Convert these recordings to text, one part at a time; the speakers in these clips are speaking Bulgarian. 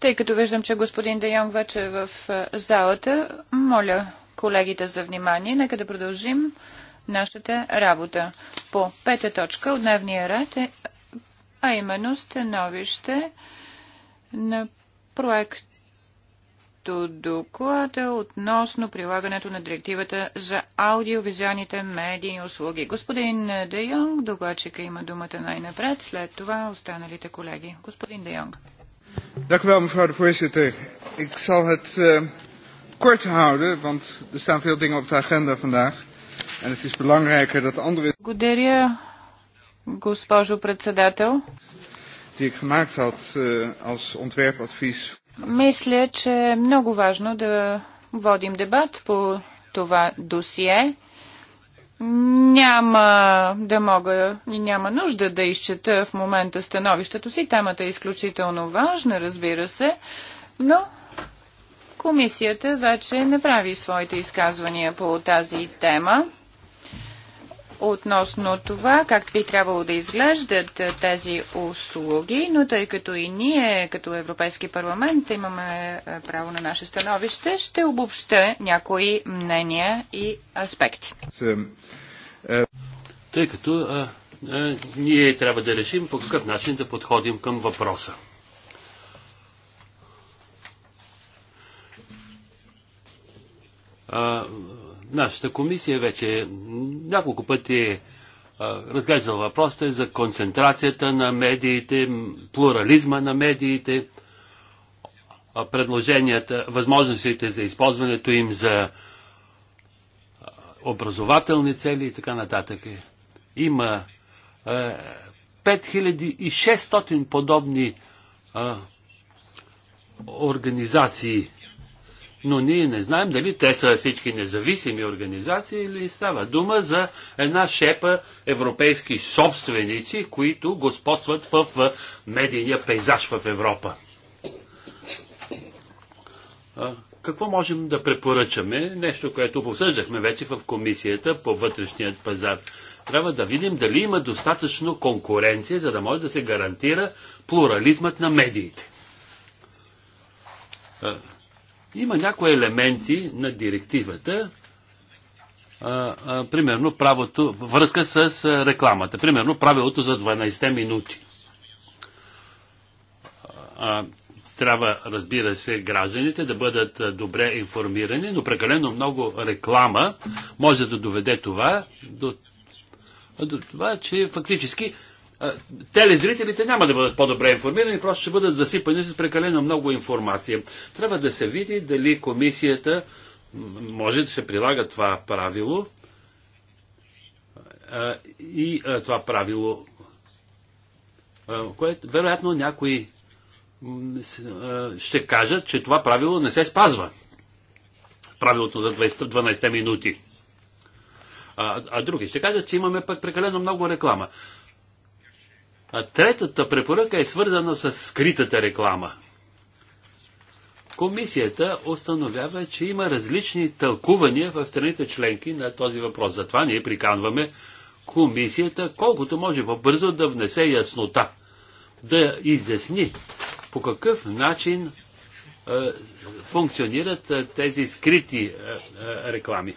тъй като виждам, че господин Де Йонг вече е в е, залата, моля колегите за внимание. Нека да продължим нашата работа. По пета точка от дневния ред е, а именно становище на проект като доклада относно прилагането на директивата за аудиовизуалните медийни услуги. Господин Де Йонг, докладчика има думата най-напред, след това останалите колеги. Господин Де Йонг. Dank u voorzitter. Ik zal het eh, kort houden, want er staan veel dingen op de agenda vandaag. En het is belangrijker dat andere... Благодаря, госпожо председател. ...die ik gemaakt had uh, als ontwerpadvies мисля, че е много важно да водим дебат по това досие. Няма да мога и няма нужда да изчета в момента становището си. Темата е изключително важна, разбира се, но комисията вече направи своите изказвания по тази тема относно това как би трябвало да изглеждат е, тези услуги, но тъй като и ние, като Европейски парламент, имаме е, право на наше становище, ще обобща някои мнения и аспекти. Е, тъй като а, а, ние трябва да решим по какъв начин да подходим към въпроса. А, Нашата комисия вече няколко пъти е разглеждала въпросите за концентрацията на медиите, плурализма на медиите, предложенията, възможностите за използването им за образователни цели и така нататък. Има 5600 подобни организации но ние не знаем дали те са всички независими организации или става дума за една шепа европейски собственици, които господстват в медийния пейзаж в Европа. Какво можем да препоръчаме? Нещо, което обсъждахме вече в комисията по вътрешният пазар. Трябва да видим дали има достатъчно конкуренция, за да може да се гарантира плурализмът на медиите има някои елементи на директивата, а, а, примерно правото, връзка с а, рекламата, примерно правилото за 12 минути. А, трябва, разбира се, гражданите да бъдат добре информирани, но прекалено много реклама може да доведе това до, до това, че фактически телезрителите няма да бъдат по-добре информирани, просто ще бъдат засипани с прекалено много информация. Трябва да се види дали комисията може да се прилага това правило и това правило, което вероятно някои ще кажат, че това правило не се спазва. Правилото за 12 минути. А, а други ще кажат, че имаме пък прекалено много реклама. А третата препоръка е свързана с скритата реклама. Комисията установява, че има различни тълкувания в страните членки на този въпрос. Затова ние приканваме комисията колкото може по-бързо да внесе яснота, да изясни по какъв начин е, функционират е, тези скрити е, е реклами.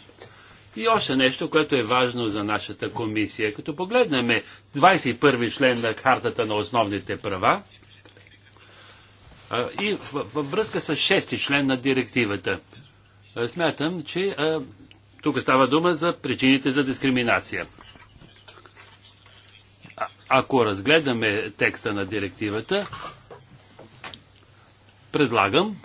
И още нещо, което е важно за нашата комисия. Като погледнем 21 и член на картата на основните права и във връзка с 6 член на директивата, смятам, че тук става дума за причините за дискриминация. ако разгледаме текста на директивата, предлагам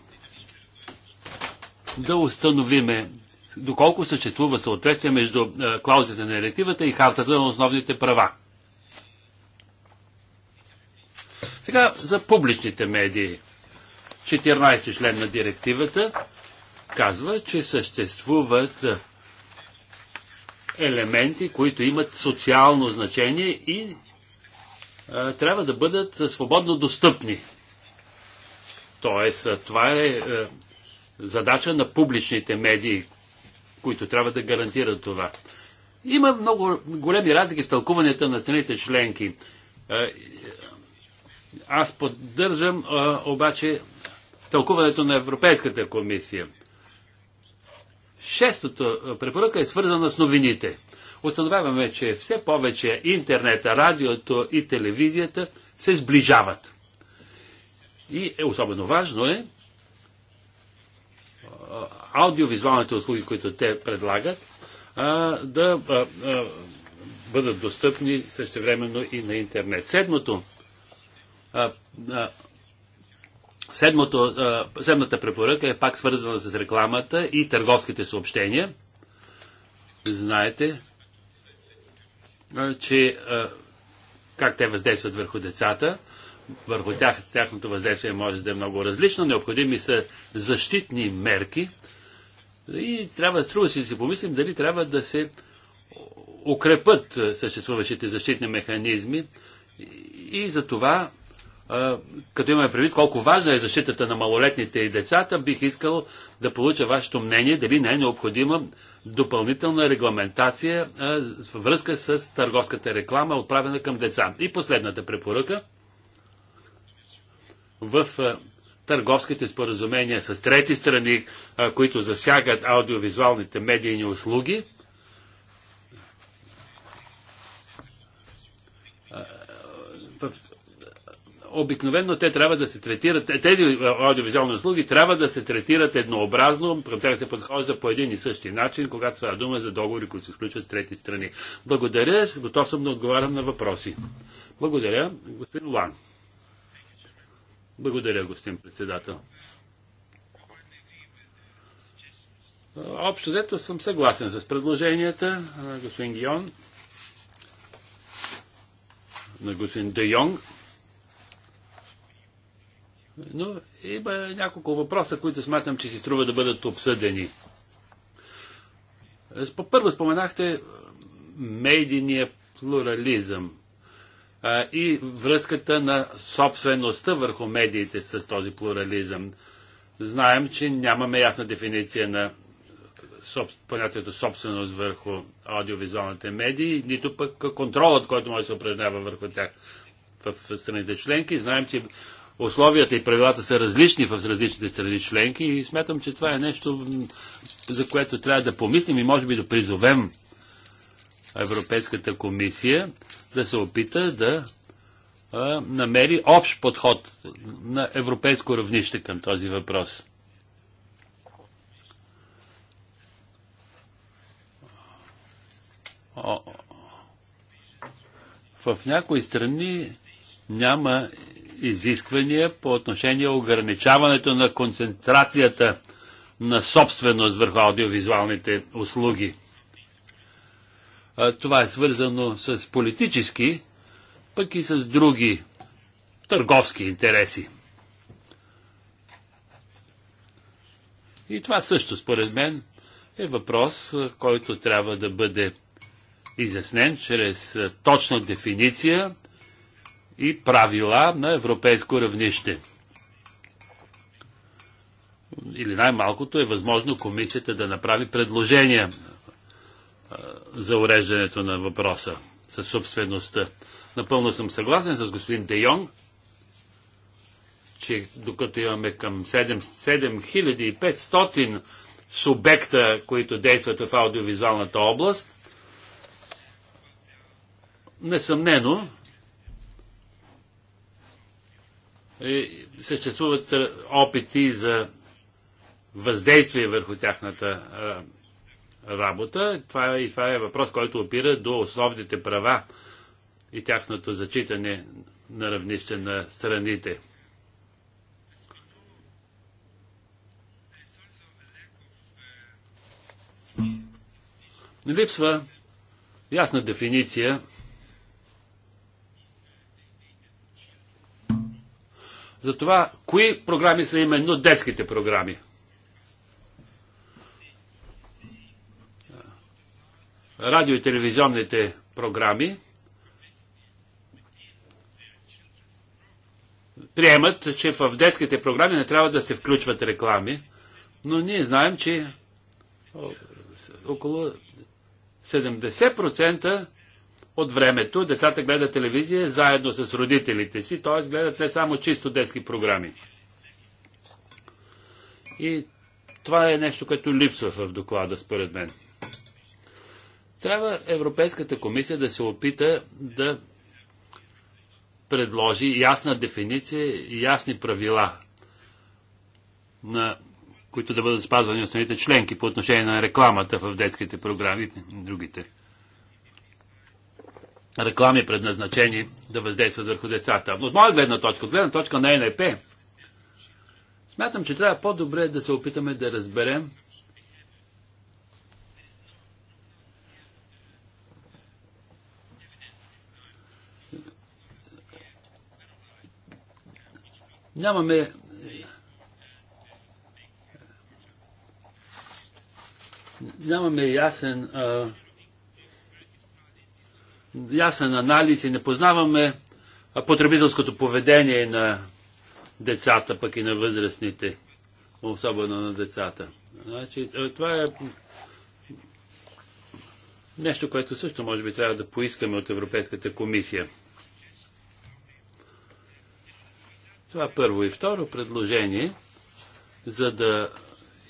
да установиме доколко съществува съответствие между е, клаузите на директивата и хартата на основните права. Сега за публичните медии. 14 ти член на директивата казва, че съществуват е, елементи, които имат социално значение и а, е, трябва да бъдат свободно достъпни. Тоест, това е а, задача на публичните медии, които трябва да гарантират това. Има много големи разлики в тълкуванията на страните членки. Е, аз поддържам е, обаче тълкуването на Европейската комисия. Шестото е, препоръка е свързана с новините. Установяваме, че все повече интернет, радиото и телевизията се сближават. И е, особено важно е аудиовизуалните услуги, които те предлагат, а, да а, а, бъдат достъпни същевременно и на интернет. Седмото, а, а, седмото, а, седмата препоръка е пак свързана с рекламата и търговските съобщения. Знаете, а, че а, как те въздействат върху децата върху тях, тяхното въздействие може да е много различно. Необходими са защитни мерки и трябва, струва си да си помислим дали трябва да се укрепат съществуващите защитни механизми и за това, като имаме предвид колко важна е защитата на малолетните и децата, бих искал да получа вашето мнение дали не е необходима допълнителна регламентация във връзка с търговската реклама, отправена към деца. И последната препоръка – в търговските споразумения с трети страни, които засягат аудиовизуалните медийни услуги. Обикновено те трябва да се третират, тези аудиовизуални услуги трябва да се третират еднообразно, към тях се подхожда по един и същи начин, когато става дума за договори, които се включват с трети страни. Благодаря, готов съм да отговарям на въпроси. Благодаря, господин Лан. Благодаря, господин председател. Общо взето съм съгласен с предложенията на господин Гион, на господин Де Йонг. Но има няколко въпроса, които смятам, че си струва да бъдат обсъдени. Първо споменахте медийния плурализъм а, и връзката на собствеността върху медиите с този плурализъм. Знаем, че нямаме ясна дефиниция на соб... понятието собственост върху аудиовизуалните медии, нито пък контролът, който може да се упражнява върху тях в страните членки. Знаем, че условията и правилата са различни в различните страни членки и смятам, че това е нещо, за което трябва да помислим и може би да призовем Европейската комисия да се опита да а, намери общ подход на европейско равнище към този въпрос. В някои страни няма изисквания по отношение ограничаването на концентрацията на собственост върху аудиовизуалните услуги. Това е свързано с политически, пък и с други търговски интереси. И това също, според мен, е въпрос, който трябва да бъде изяснен чрез точна дефиниция и правила на европейско равнище. Или най-малкото е възможно комисията да направи предложения за уреждането на въпроса със собствеността. Напълно съм съгласен с господин Де Йонг, че докато имаме към 7500 субекта, които действат в аудиовизуалната област, несъмнено е, съществуват е, опити за въздействие върху тяхната е, работа. Това е, и това е въпрос, който опира до основните права и тяхното зачитане на равнище на страните. Липсва ясна дефиниция за това, кои програми са именно детските програми. радио и телевизионните програми приемат, че в детските програми не трябва да се включват реклами, но ние знаем, че около 70% от времето децата гледат телевизия заедно с родителите си, т.е. гледат не само чисто детски програми. И това е нещо, което липсва в доклада, според мен. Трябва Европейската комисия да се опита да предложи ясна дефиниция и ясни правила, на които да бъдат спазвани основните членки по отношение на рекламата в детските програми и другите реклами предназначени да въздействат върху децата. От моя гледна точка, от гледна точка на НЕП, смятам, че трябва по-добре да се опитаме да разберем Нямаме е, нямаме ясен а, е, ясен анализ и не познаваме е, потребителското поведение на децата, пък и на възрастните, особено на децата. Значи, това е нещо, което също може би трябва да поискаме от Европейската комисия. Това първо и второ предложение, за да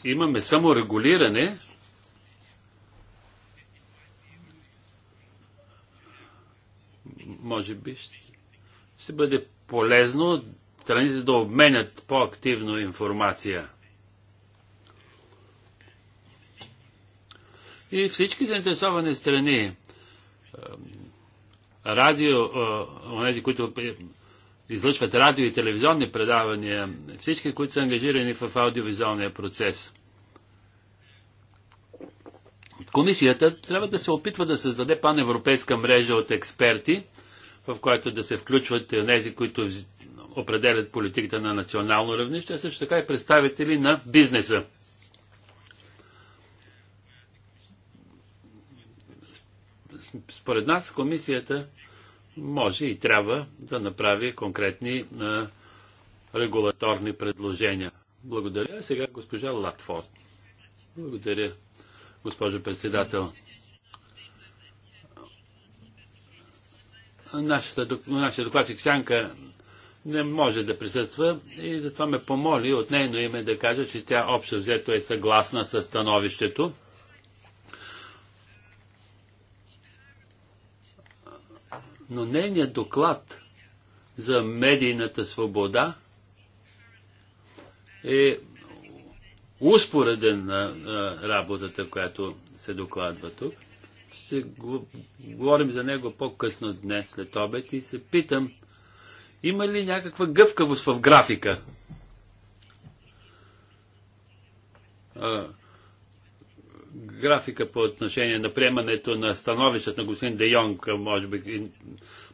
имаме саморегулиране, може би ще, ще бъде полезно страните да обменят по-активно информация. И всички заинтересовани страни, радио, тези, които излъчват радио и телевизионни предавания, всички, които са ангажирани в аудиовизуалния процес. Комисията трябва да се опитва да създаде паневропейска мрежа от експерти, в която да се включват тези, които определят политиката на национално равнище, а също така и представители на бизнеса. Според нас комисията може и трябва да направи конкретни а, регулаторни предложения. Благодаря. Сега госпожа Латфорд. Благодаря, госпожо председател. Нашата, нашия докладчик Сянка не може да присъства и затова ме помоли от нейно име да кажа, че тя общо взето е съгласна с становището но нейният доклад за медийната свобода е успореден на работата, която се докладва тук. Ще говорим за него по-късно днес, след обед, и се питам, има ли някаква гъвкавост в графика? графика по отношение на приемането на становищата на господин Де Йонг, може би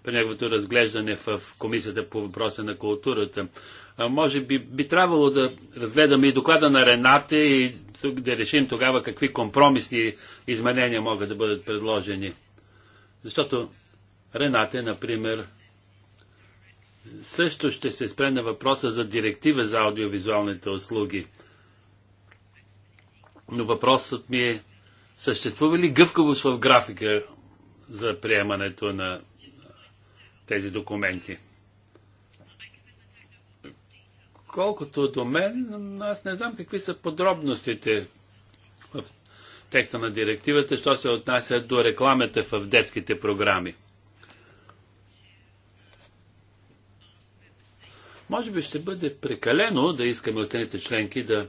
при неговото разглеждане в Комисията по въпроса на културата. А, може би би трябвало да разгледаме и доклада на Рената и да решим тогава какви компромисни изменения могат да бъдат предложени. Защото Рената, например, също ще се спре на въпроса за директива за аудиовизуалните услуги – но въпросът ми е, съществува ли гъвкавост в графика за приемането на тези документи? Колкото до мен, аз не знам какви са подробностите в текста на директивата, що се отнася до рекламата в детските програми. Може би ще бъде прекалено да искаме от страните членки да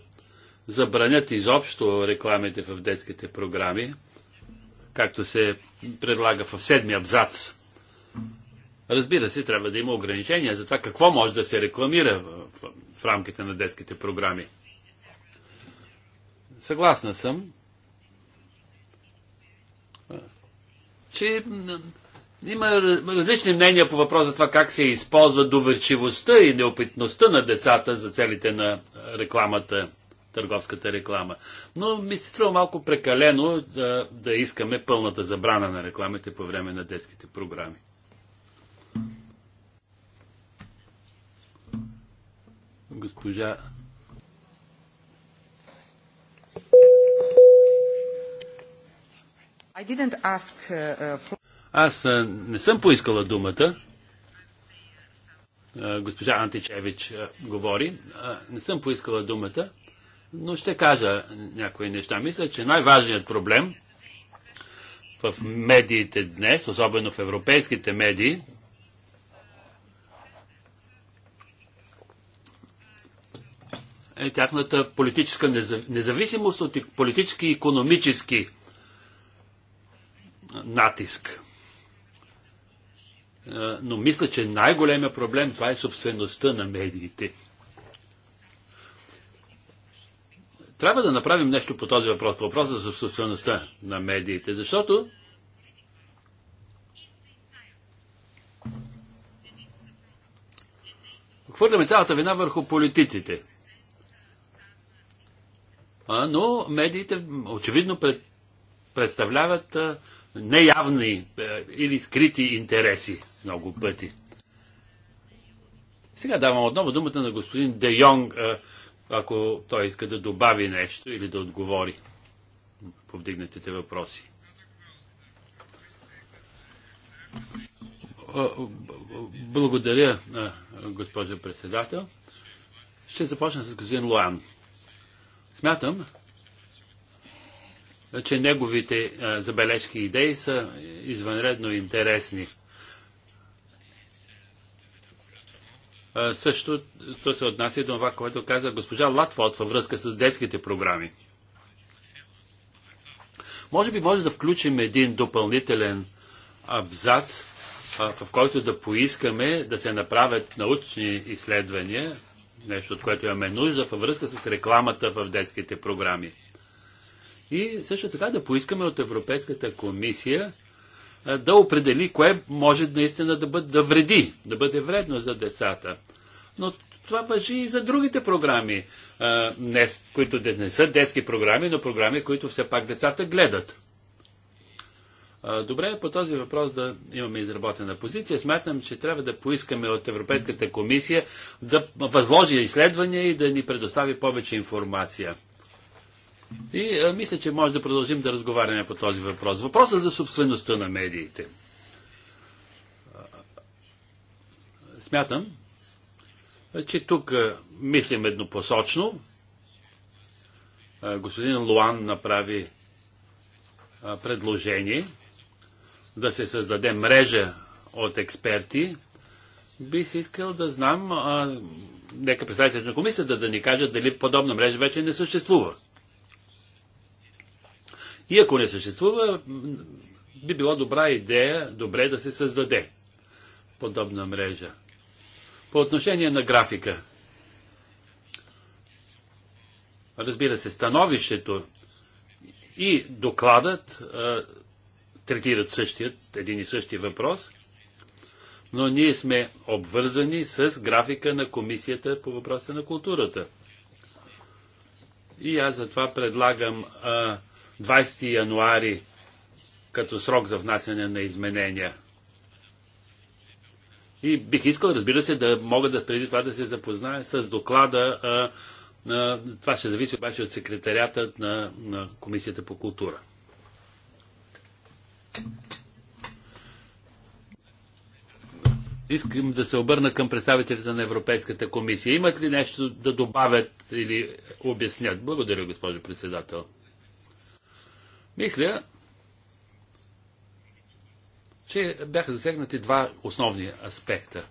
забранят изобщо рекламите в детските програми, както се предлага в седмия абзац. Разбира се, трябва да има ограничения за това какво може да се рекламира в, в, в рамките на детските програми. Съгласна съм, че има различни мнения по въпроса за това как се използва доверчивостта и неопитността на децата за целите на рекламата търговската реклама. Но ми се струва малко прекалено да, е, да искаме пълната забрана на рекламите по време на детските програми. Госпожа. I didn't ask, uh, uh for... Аз uh, не съм поискала думата. Uh, госпожа Античевич uh, говори. Uh, не съм поискала думата но ще кажа някои неща. Мисля, че най-важният проблем в медиите днес, особено в европейските медии, е тяхната политическа независимост от политически и економически натиск. Е, но мисля, че най-големия проблем това е собствеността на медиите. Трябва да направим нещо по този въпрос, по въпроса за собствеността на медиите, защото хвърляме цялата вина върху политиците. А, но медиите очевидно пред, представляват а, неявни а, или скрити интереси много пъти. Сега давам отново думата на господин Де Йонг, а, ако той иска да добави нещо или да отговори повдигнатите въпроси. Благодаря, госпожа председател. Ще започна с господин Луан. Смятам, че неговите забележки и идеи са извънредно интересни. Също то се отнася до това, което каза госпожа Латфот във връзка с детските програми. Може би може да включим един допълнителен абзац, в който да поискаме да се направят научни изследвания, нещо от което имаме нужда във връзка с рекламата в детските програми. И също така да поискаме от Европейската комисия е, да определи кое може наистина да, бъде, да вреди, да бъде вредно за децата. Но това въжи и за другите програми, е, които не са детски програми, но програми, които все пак децата гледат. Е, добре, по този въпрос да имаме изработена позиция. Смятам, че трябва да поискаме от Европейската комисия да възложи изследвания и да ни предостави повече информация. И а, мисля, че може да продължим да разговаряме по този въпрос. Въпросът за собствеността на медиите. Смятам, че тук а, мислим еднопосочно. А, господин Луан направи а, предложение да се създаде мрежа от експерти. би си искал да знам, а, нека представителите на комисията да ни кажат дали подобна мрежа вече не съществува. И ако не съществува, би било добра идея, добре да се създаде подобна мрежа. По отношение на графика. Разбира се, становището и докладът а, третират същият, един и същи въпрос, но ние сме обвързани с графика на комисията по въпроса на културата. И аз затова предлагам а, 20 януари като срок за внасяне на изменения. И бих искал, разбира се, да мога да преди това да се запозная с доклада. А, а, това ще зависи обаче от секретарята на, на Комисията по култура. Искам да се обърна към представителите на Европейската комисия. Имат ли нещо да добавят или обяснят? Благодаря, госпожо председател. Мисля, че бяха засегнати два основни аспекта.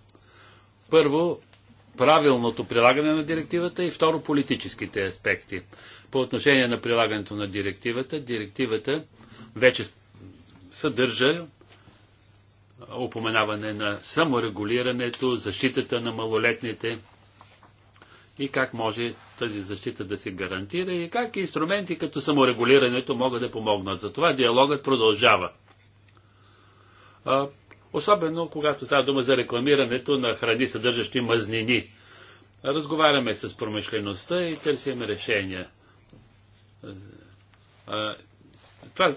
Първо, правилното прилагане на директивата и второ, политическите аспекти. По отношение на прилагането на директивата, директивата вече съдържа опоменаване на саморегулирането, защитата на малолетните, и как може тази защита да се гарантира и как инструменти като саморегулирането могат да помогнат. За това диалогът продължава. А, особено когато става дума за рекламирането на храни, съдържащи мазнини. Разговаряме с промишлеността и търсим решения. А, това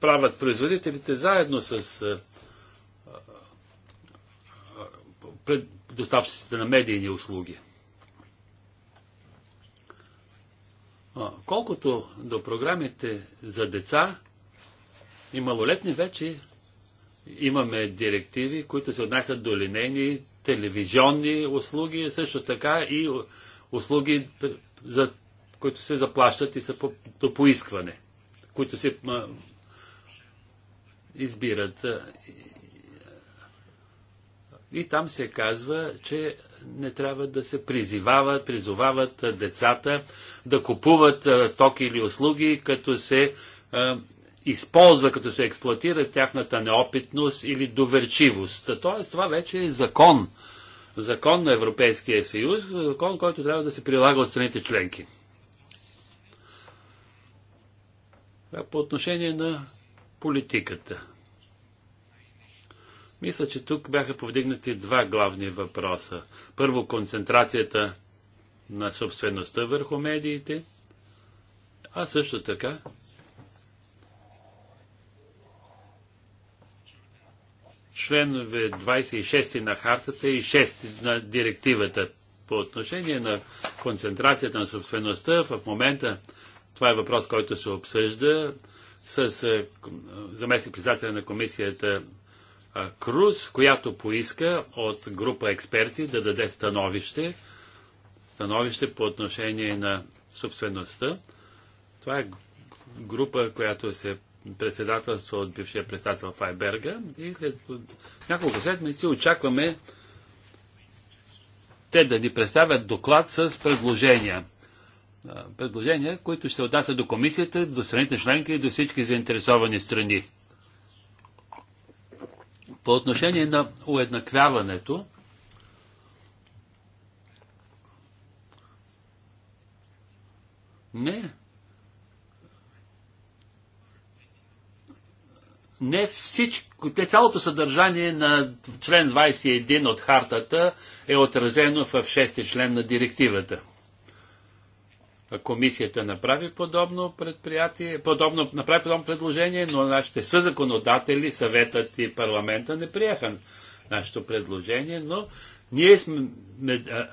правят производителите заедно с а, а, пред доставчиците на медийни услуги. Колкото до програмите за деца и малолетни вече имаме директиви, които се отнасят до линейни телевизионни услуги, също така и услуги, за, които се заплащат и са по, до поискване, които се избират. И там се казва, че не трябва да се призивават, призовават децата да купуват стоки или услуги, като се а, използва, като се експлуатира тяхната неопитност или доверчивост. Тоест, това вече е закон. Закон на Европейския съюз, закон, който трябва да се прилага от страните членки. По отношение на политиката. Мисля, че тук бяха повдигнати два главни въпроса. Първо, концентрацията на собствеността върху медиите, а също така членове 26 на хартата и 6 на директивата по отношение на концентрацията на собствеността. В момента това е въпрос, който се обсъжда с е, е, заместник председателя на комисията Круз, която поиска от група експерти да даде становище, становище по отношение на собствеността. Това е група, която се председателства от бившия председател Файберга и след няколко седмици очакваме те да ни представят доклад с предложения. Предложения, които ще отнасят до комисията, до страните членки и до всички заинтересовани страни. По отношение на уеднаквяването, не. Не всичко, цялото съдържание на член 21 от хартата е отразено в 6 член на директивата. Комисията направи подобно предприятие, подобно, направи подобно предложение, но нашите съзаконодатели, съветът и парламента не приеха нашето предложение, но ние сме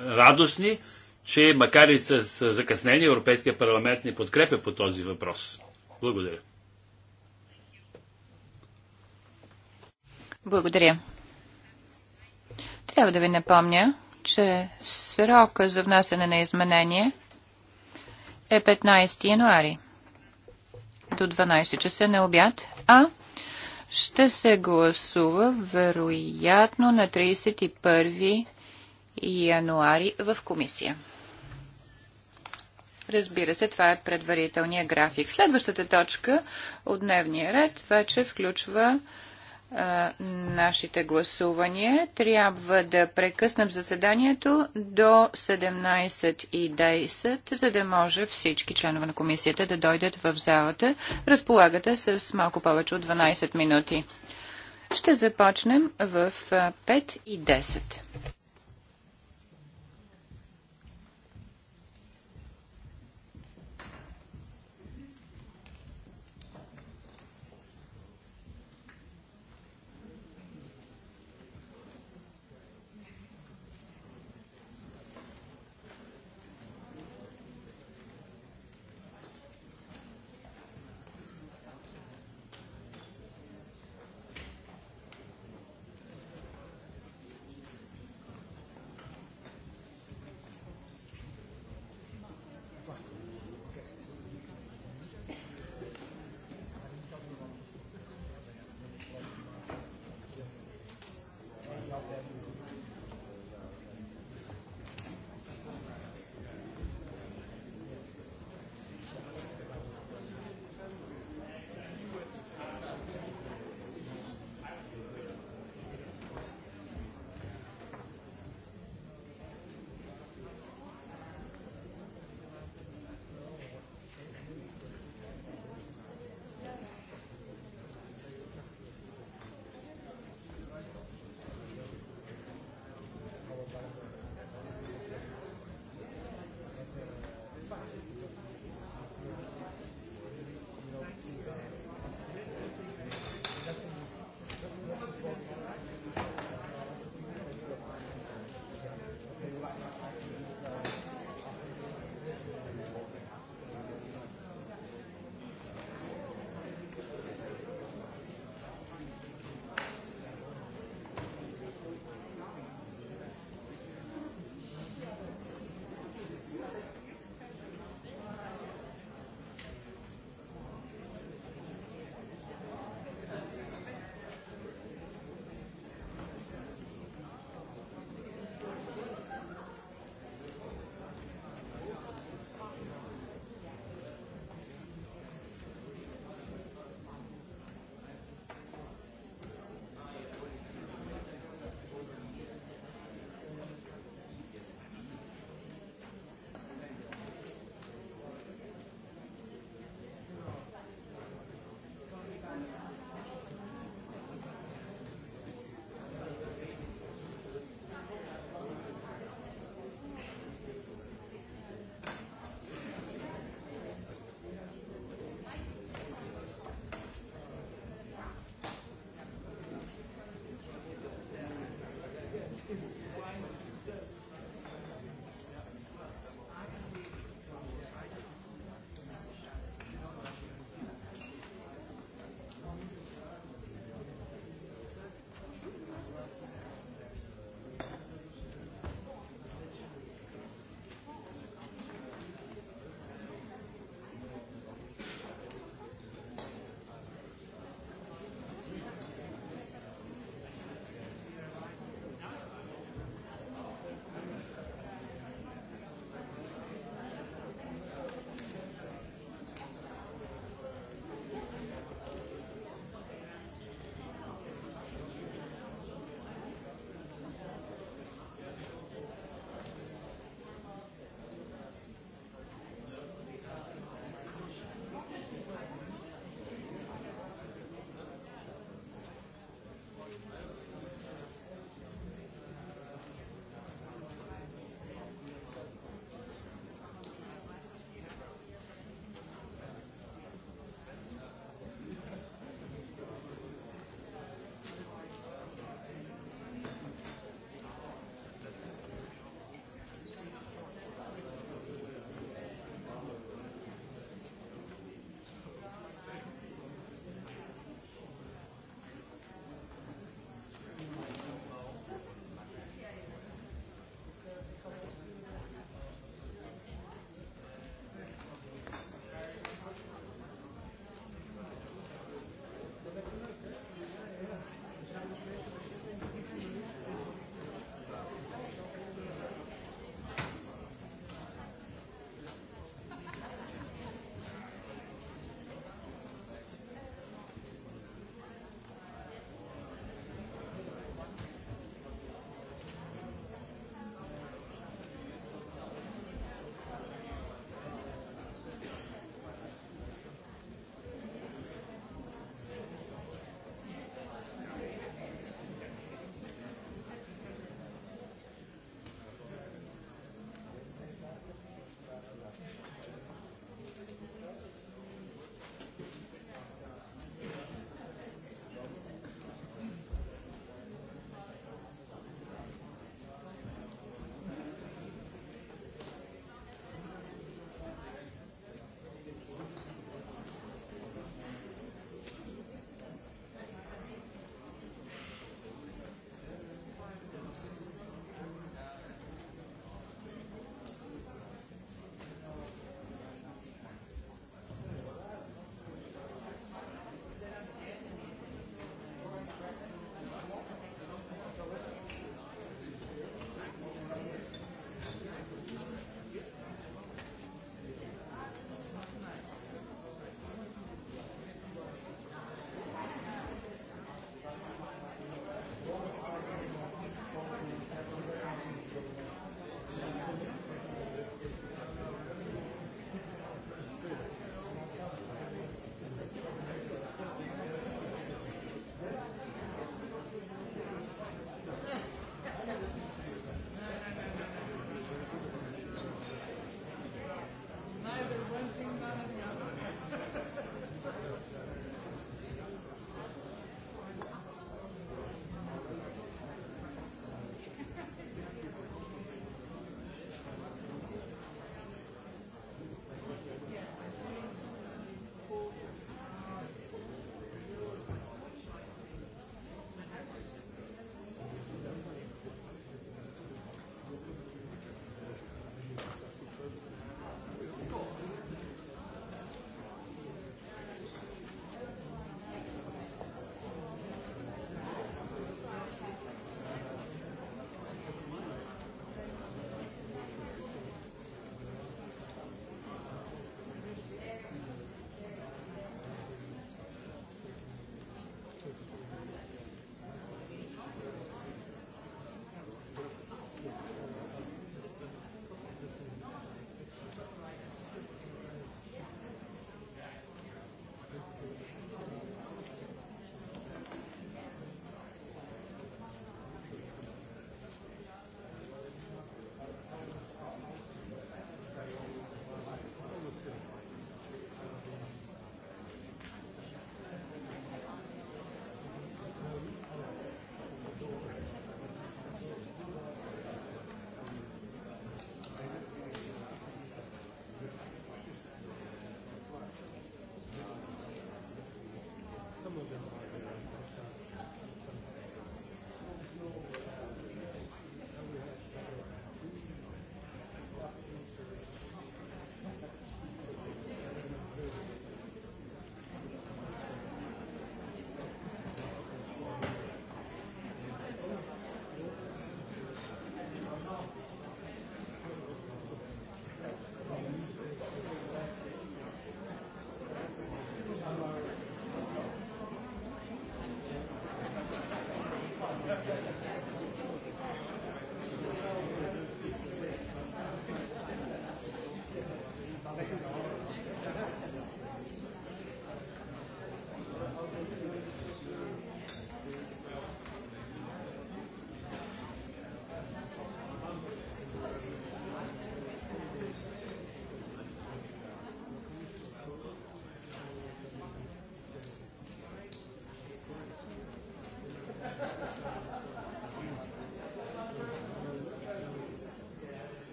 радостни, че макар и с закъснение Европейския парламент ни подкрепя по този въпрос. Благодаря. Благодаря. Трябва да ви напомня, че срока за внасяне на изменение е 15 януари до 12 часа на обяд, а ще се гласува вероятно на 31 януари в комисия. Разбира се, това е предварителния график. Следващата точка от дневния ред вече включва нашите гласувания. Трябва да прекъснем заседанието до 17.10, за да може всички членове на комисията да дойдат в залата. Разполагате с малко повече от 12 минути. Ще започнем в 5.10. и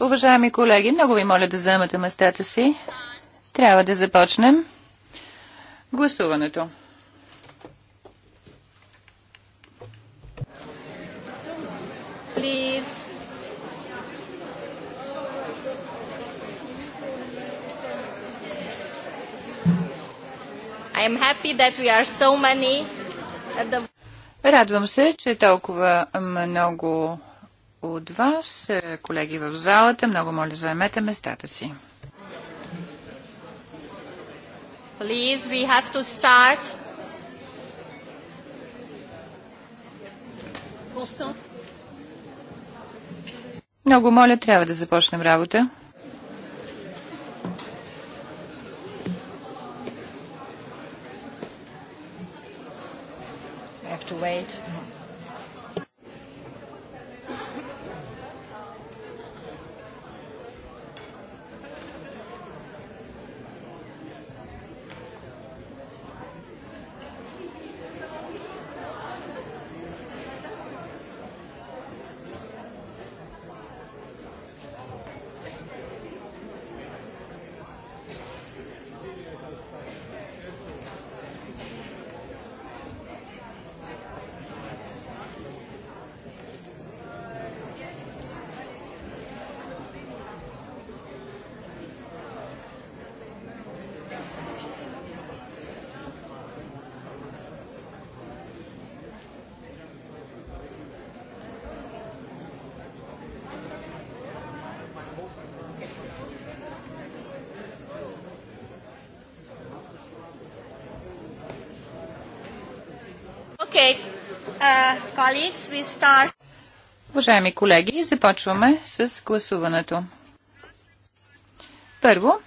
Уважаеми колеги, много ви моля да заемете местата си. Трябва да започнем гласуването. Please. I am happy that we are so many at the Радвам се, че толкова много от вас, е, колеги в залата, много моля заемете местата си. Please, we have to start. Много моля, трябва да започнем работа. wait. Уважаеми колеги, започваме с гласуването. Първо,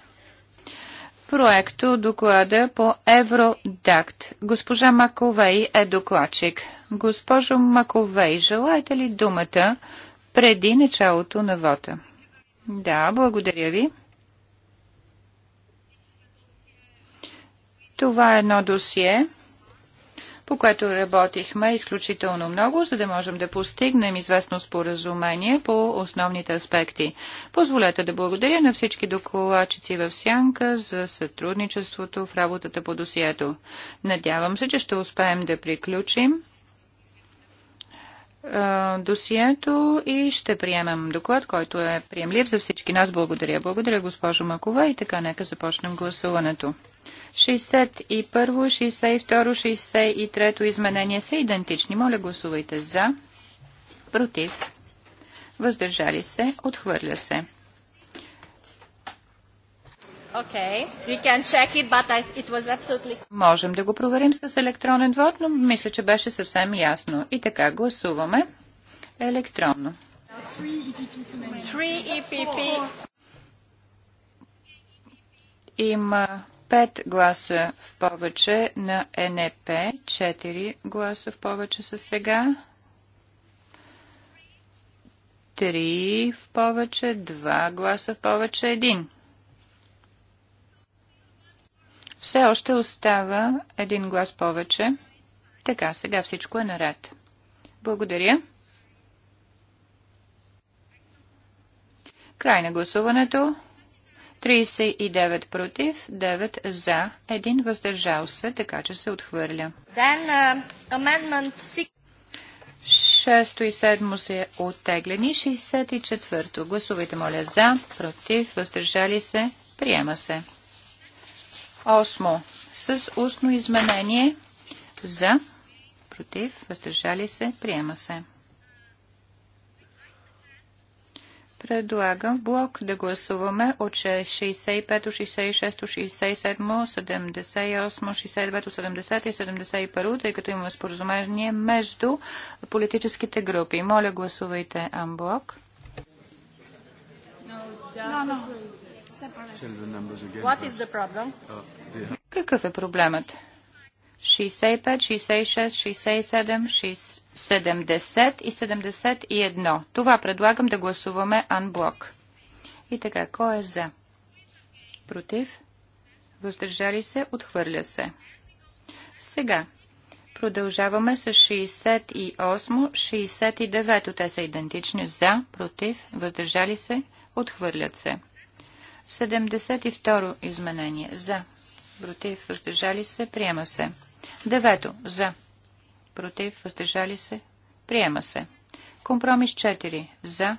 проекто доклада по Евродакт. Госпожа Маковей е докладчик. Госпожо Маковей, желаете ли думата преди началото на вота? Да, благодаря ви. Това е едно досие, по което работихме изключително много, за да можем да постигнем известно споразумение по основните аспекти. Позволете да благодаря на всички докладчици в Сянка за сътрудничеството в работата по досието. Надявам се, че ще успеем да приключим досието и ще приемем доклад, който е приемлив за всички нас. Благодаря. Благодаря, госпожо Макова. И така, нека започнем гласуването. 61, 62, 63 изменение са идентични. Моля гласувайте за, против, въздържали се, отхвърля се. Okay. It, absolutely... Можем да го проверим с електронен вод, но мисля, че беше съвсем ясно. И така гласуваме електронно. E Има 5 гласа в повече на НП. 4 гласа в повече са сега, 3 в повече, 2 гласа в повече, 1. Все още остава един глас повече. Така, сега всичко е наред. Благодаря. Край на гласуването. 39 против, 9 за, 1 въздържал се, така че се отхвърля. Then, uh, 6 и седмо се оттеглени. 64-то. Гласувайте, моля, за, против, въздържали се, приема се. Осмо. С устно изменение за, против, въздържали се, приема се. Предлагам в блок да гласуваме от 65, 66, 67, 78, 69, 70 и 71, тъй като има споразумение между политическите групи. Моля, гласувайте амблок. Какъв е проблемът? 65, 66, 67, 60... 70 и 71. Това предлагам да гласуваме анблок. И така, кой е за? Против? Въздържали се? Отхвърля се. Сега. Продължаваме с 68, 69. Те са идентични. За, против, въздържали се, отхвърлят се. 72 изменение. За, против, въздържали се, приема се. Девето За, против, въздържали се, приема се. Компромис 4 за,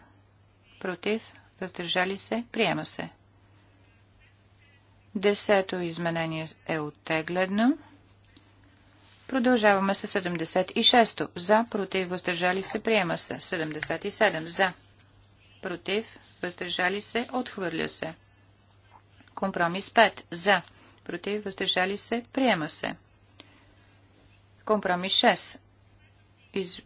против, въздържали се, приема се. Десето изменение е оттеглено. Продължаваме с 76-то. За, против, въздържали се, приема се. 77. За, против, въздържали се, отхвърля се. Компромис 5. За, против, въздържали се, приема се. Компромис 6. Из...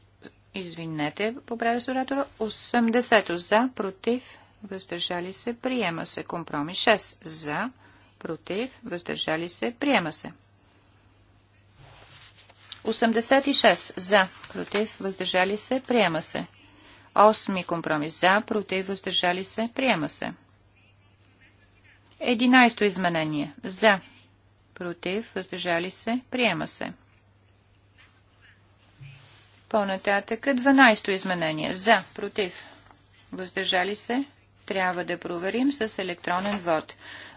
Извинете, поправя се 80 за, против, въздържали се, приема се. Компромис 6 за, против, въздържали се, приема се. 86 за, против, въздържали се, приема се. Осми компромис за, против, въздържали се, приема се. Единайсто изменение за, против, въздържали се, приема се по нататък 12-то е изменение. За, против, въздържали се, трябва да проверим с електронен вод.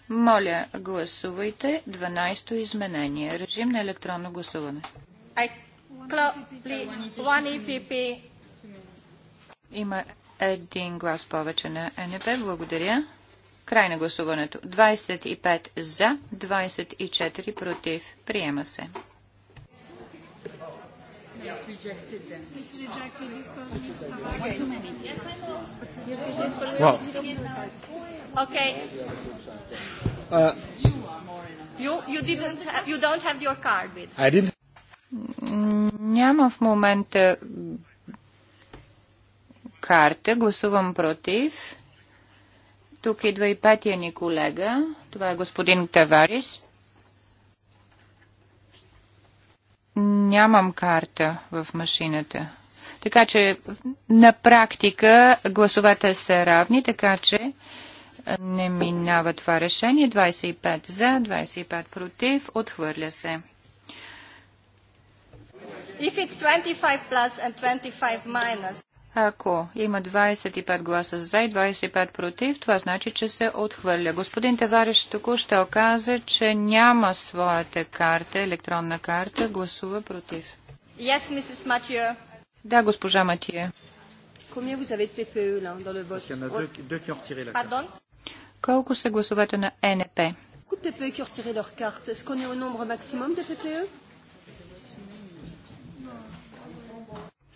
Моля, гласувайте 12-то изменение. Режим на електронно гласуване. E Има един глас повече на НП. Благодаря. Край на гласуването. 25 за, 24 против. Приема се. It's rejected then. It's rejected because it's Wait a minute. Yes, I know. Well, okay. Uh, you are more in a you, you didn't have, you don't have your card with. I didn't. Няма в момента карта. Гласувам против. Тук идва и петия ни колега. Това е господин Таварис. Нямам карта в машината. Така че на практика гласовете са равни, така че е, не минава това решение. 25 за, 25 против, отхвърля се. If it's 25 plus and 25 minus. Ако има 25 гласа за и 25 против, това значи, че се отхвърля. Господин Тевариш току-що каза, че няма своята карта, електронна карта, гласува против. Yes, Mrs. Mathieu. Да, госпожа Матия. Combien vous avez de PPE oh. Колко са гласовете на НП?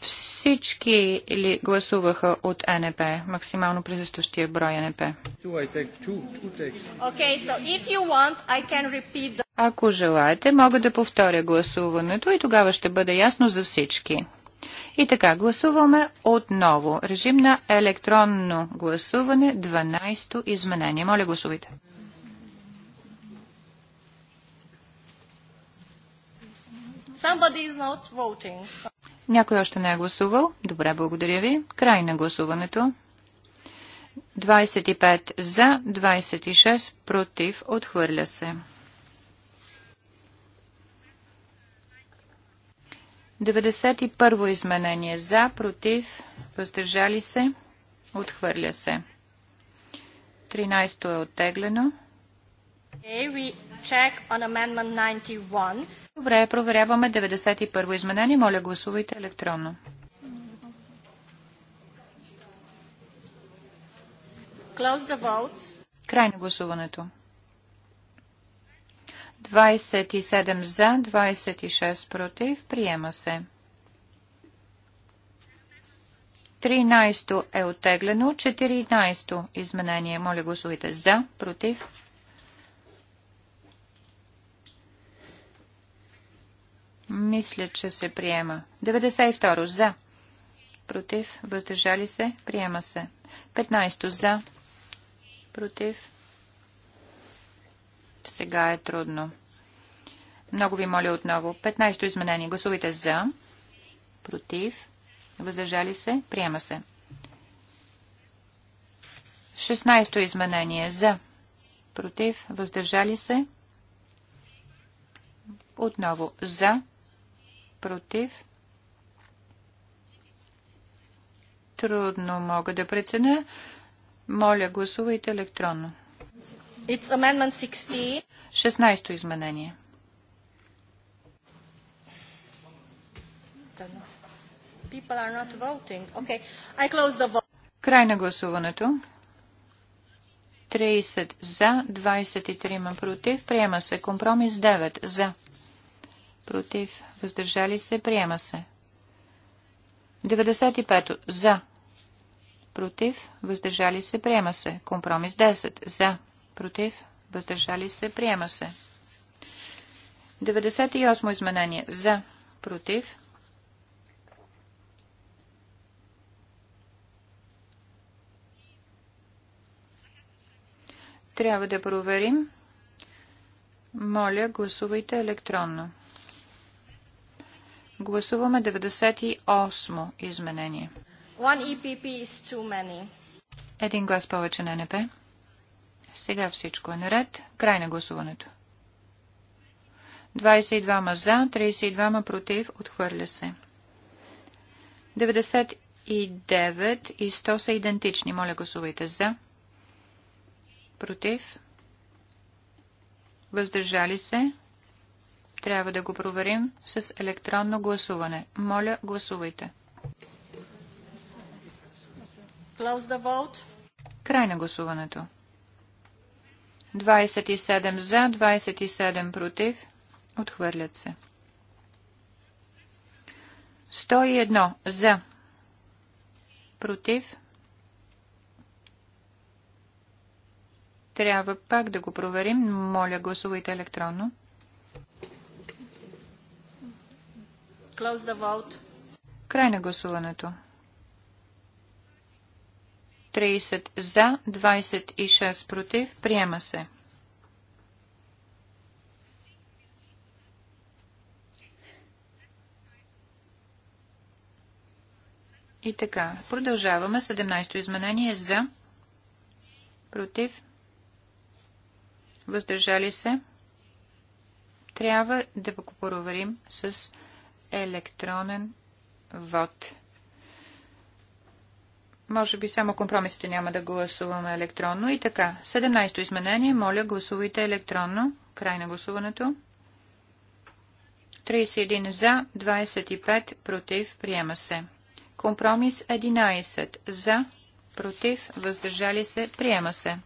Всички ли гласуваха от НП, максимално присъстващия брой НП? Ако желаете, мога да повторя гласуването и тогава ще бъде ясно за всички. И така, гласуваме отново. Режим на електронно гласуване, 12-то изменение. Моля, гласувайте. Somebody is not voting. Някой още не е гласувал? Добре, благодаря ви. Край на гласуването. 25 за, 26 против, отхвърля се. 91 изменение за, против, въздържали се, отхвърля се. 13 е оттеглено. Okay, we check on amendment 91. Добре, проверяваме 91-во изменение. Моля, гласувайте електронно. Край на гласуването. 27 за, 26 против. Приема се. 13 то е оттеглено. 14 изменение. Моля гласувайте за, против. Мисля, че се приема. 92. За. Против. Въздържали се. Приема се. 15. За. Против. Сега е трудно. Много ви моля отново. 15-то изменение. Гласувайте за. Против. Въздържали се. Приема се. 16-то изменение. За. Против. Въздържали се. Отново за против. Трудно мога да преценя. Моля, гласувайте електронно. 16. то изменение. Край на гласуването. 30 за, 23 против. Приема се компромис 9 за против, въздържали се, приема се. 95. За, против, въздържали се, приема се. Компромис 10. За, против, въздържали се, приема се. 98 изменение. За, против. Трябва да проверим. Моля, гласувайте електронно. Гласуваме 98 изменение. E Един глас повече на НП. Сега всичко е наред. Край на гласуването. 22 ма за, 32 ма против, отхвърля се. 99 и 100 са идентични. Моля, гласувайте за. Против. Въздържали се. Трябва да го проверим с електронно гласуване. Моля, гласувайте. Край на гласуването. 27 за, 27 против. Отхвърлят се. 101 за. Против. Трябва пак да го проверим. Моля, гласувайте електронно. Край на гласуването. 30 за, 26 против. Приема се. И така, продължаваме. 17-то изменение за, против, въздържали се. Трябва да го проверим с електронен вод. Може би само компромисите няма да гласуваме електронно. И така, 17-то изменение. Моля, гласувайте електронно. Край на гласуването. 31 за, 25 против. Приема се. Компромис 11 за, против, въздържали се. Приема се.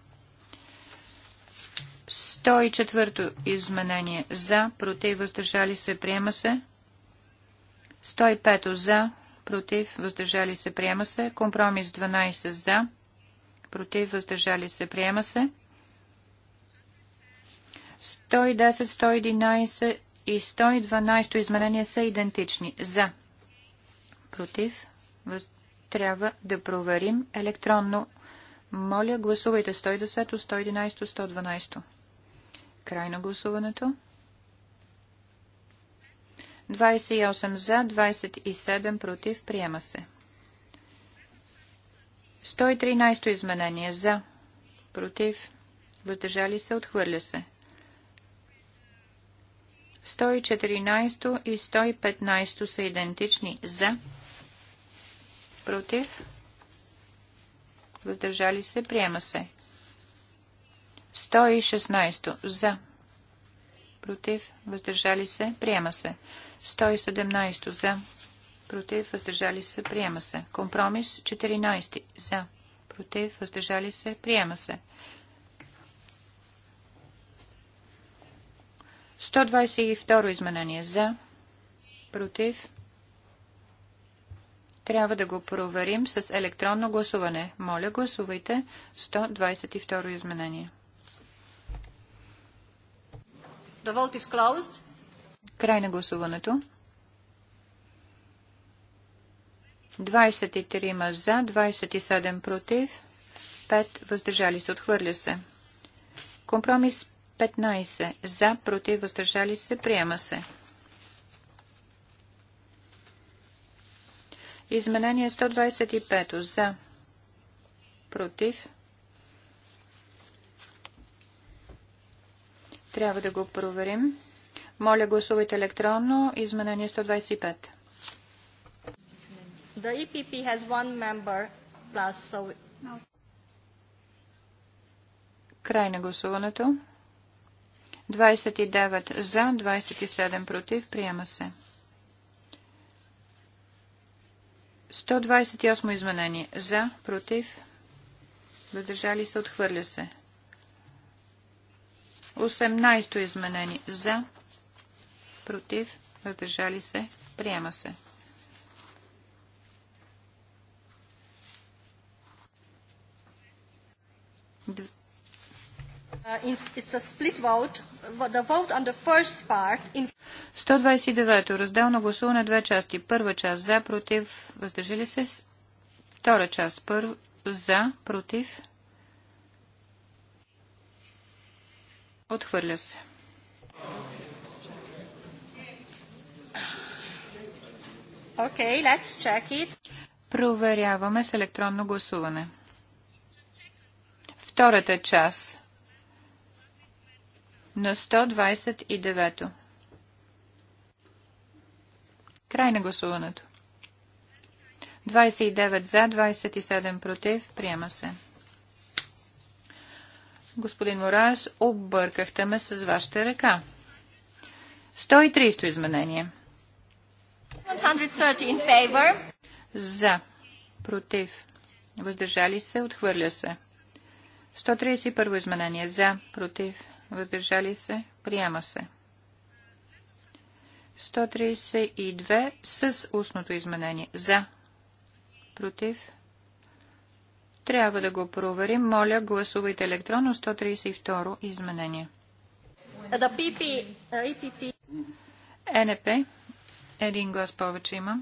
104-то изменение за, против, въздържали се. Приема се. 105 за, против, въздържали се, приема се. Компромис 12 за, против, въздържали се, приема се. 110, 111 и 112 изменения са идентични. За, против, въз... трябва да проверим електронно. Моля, гласувайте 110, 111, 112. Край на гласуването. 28 за, 27 против. Приема се. 113 изменение за, против, въздържали се, отхвърля се. 114 и 115 са идентични за, против, въздържали се, приема се. 116 за, против, въздържали се, приема се. 117 за, против, въздържали се, приема се. Компромис 14 за, против, въздържали се, приема се. 122 изменение за, против. Трябва да го проверим с електронно гласуване. Моля, гласувайте 122 изменение. The vote is closed. Край на гласуването. 23 за, 27 против, 5 въздържали се, отхвърля се. Компромис 15 за, против, въздържали се, приема се. Изменение 125 за, против. Трябва да го проверим. Моля, гласувайте електронно. Изменение 125. The EPP has one member plus, so... Край на гласуването. 29 за, 27 против. Приема се. 128 изменение. За, против. Въздържали се, отхвърля се. 18 изменение. За, против, въздържали се, приема се. It's 129. Разделно гласуване две части. Първа част за, против, въздържали се. Втора част пър... за, против. Отхвърля се. Okay, let's check it. Проверяваме с електронно гласуване. Втората част на 129-то. Край на гласуването. 29 за, 27 против. Приема се. Господин Мораес, объркахте ме с вашата ръка. 130 изменение. 130 in favor. За. Против. Въздържали се. Отхвърля се. 131 изменение. За. Против. Въздържали се. Приема се. 132 с устното изменение. За. Против. Трябва да го проверим. Моля, гласувайте електронно 132 изменение. Uh, e е НП един глас повече има.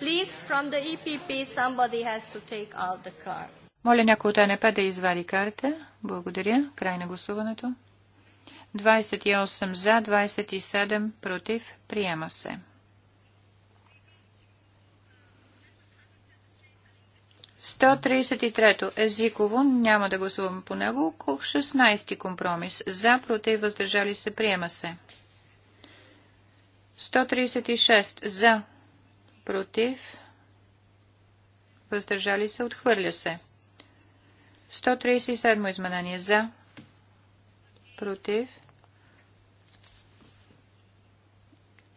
Please, from the EPP, somebody has to take out the card. Моля някой от НП да извади карта. Благодаря. Край на гласуването. 28 за, 27 против. Приема се. 133-то езиково, няма да гласувам по него, 16 компромис. За, против, въздържали се, приема се. 136 за, против, въздържали се, отхвърля се. 137 изменение за, против,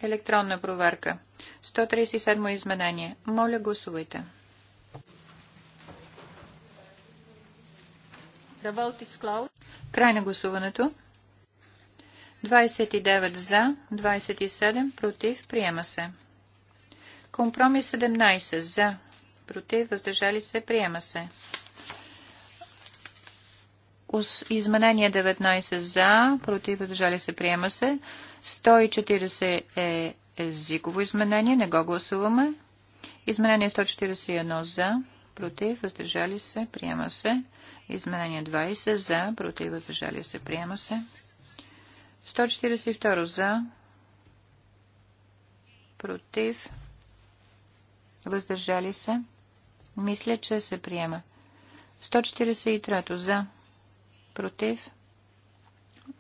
електронна проверка. 137 изменение. Моля, гласувайте. Край на гласуването. 29 за, 27 против, приема се. Компромис 17 е за, против, въздържали се, приема се. Изменение 19 за, против, въздържали се, приема се. 140 е езиково изменение, не го гласуваме. Изменение 141 за, против, въздържали се, приема се. Изменение 20 за, против, въздържали се, приема се. 142 за, против, въздържали се. Мисля, че се приема. 143 за, против,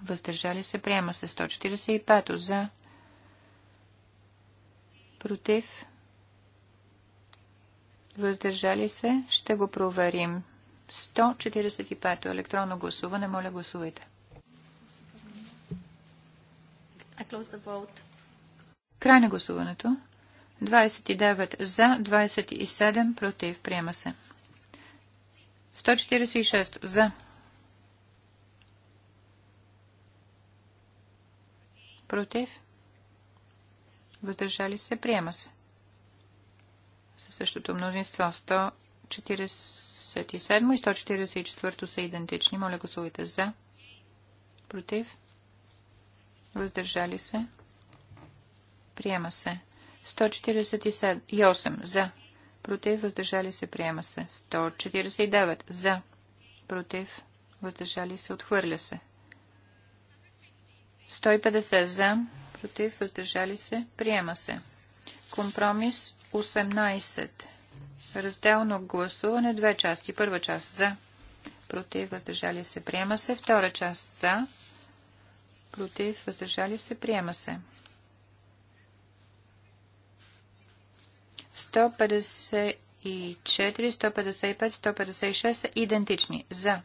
въздържали се. Приема се 145 за, против, въздържали се. Ще го проверим. 145 електронно гласуване. Моля, гласувайте. Край на гласуването. 29 за, 27 против. Приема се. 146 за. Против. Въздържали се. Приема се. Със същото мнозинство. 147 и 144 са идентични. Моля гласувайте за. Против въздържали се, приема се. 148 за, против, въздържали се, приема се. 149 за, против, въздържали се, отхвърля се. 150 за, против, въздържали се, приема се. Компромис 18. Разделно гласуване, две части. Първа част за, против, въздържали се, приема се. Втора част за, против, въздържали се, приема се. 154, 155, 156 са идентични. За.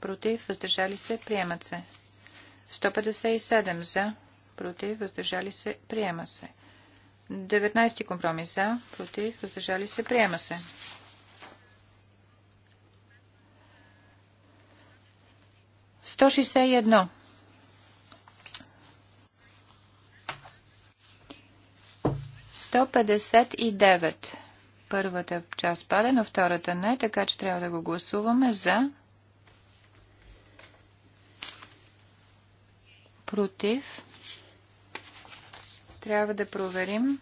Против, въздържали се, приемат се. 157 за. Против, въздържали се, приема се. 19 компромис за. Против, въздържали се, приема се. 161 159. Първата част пада, но втората не, така че трябва да го гласуваме за. Против. Трябва да проверим.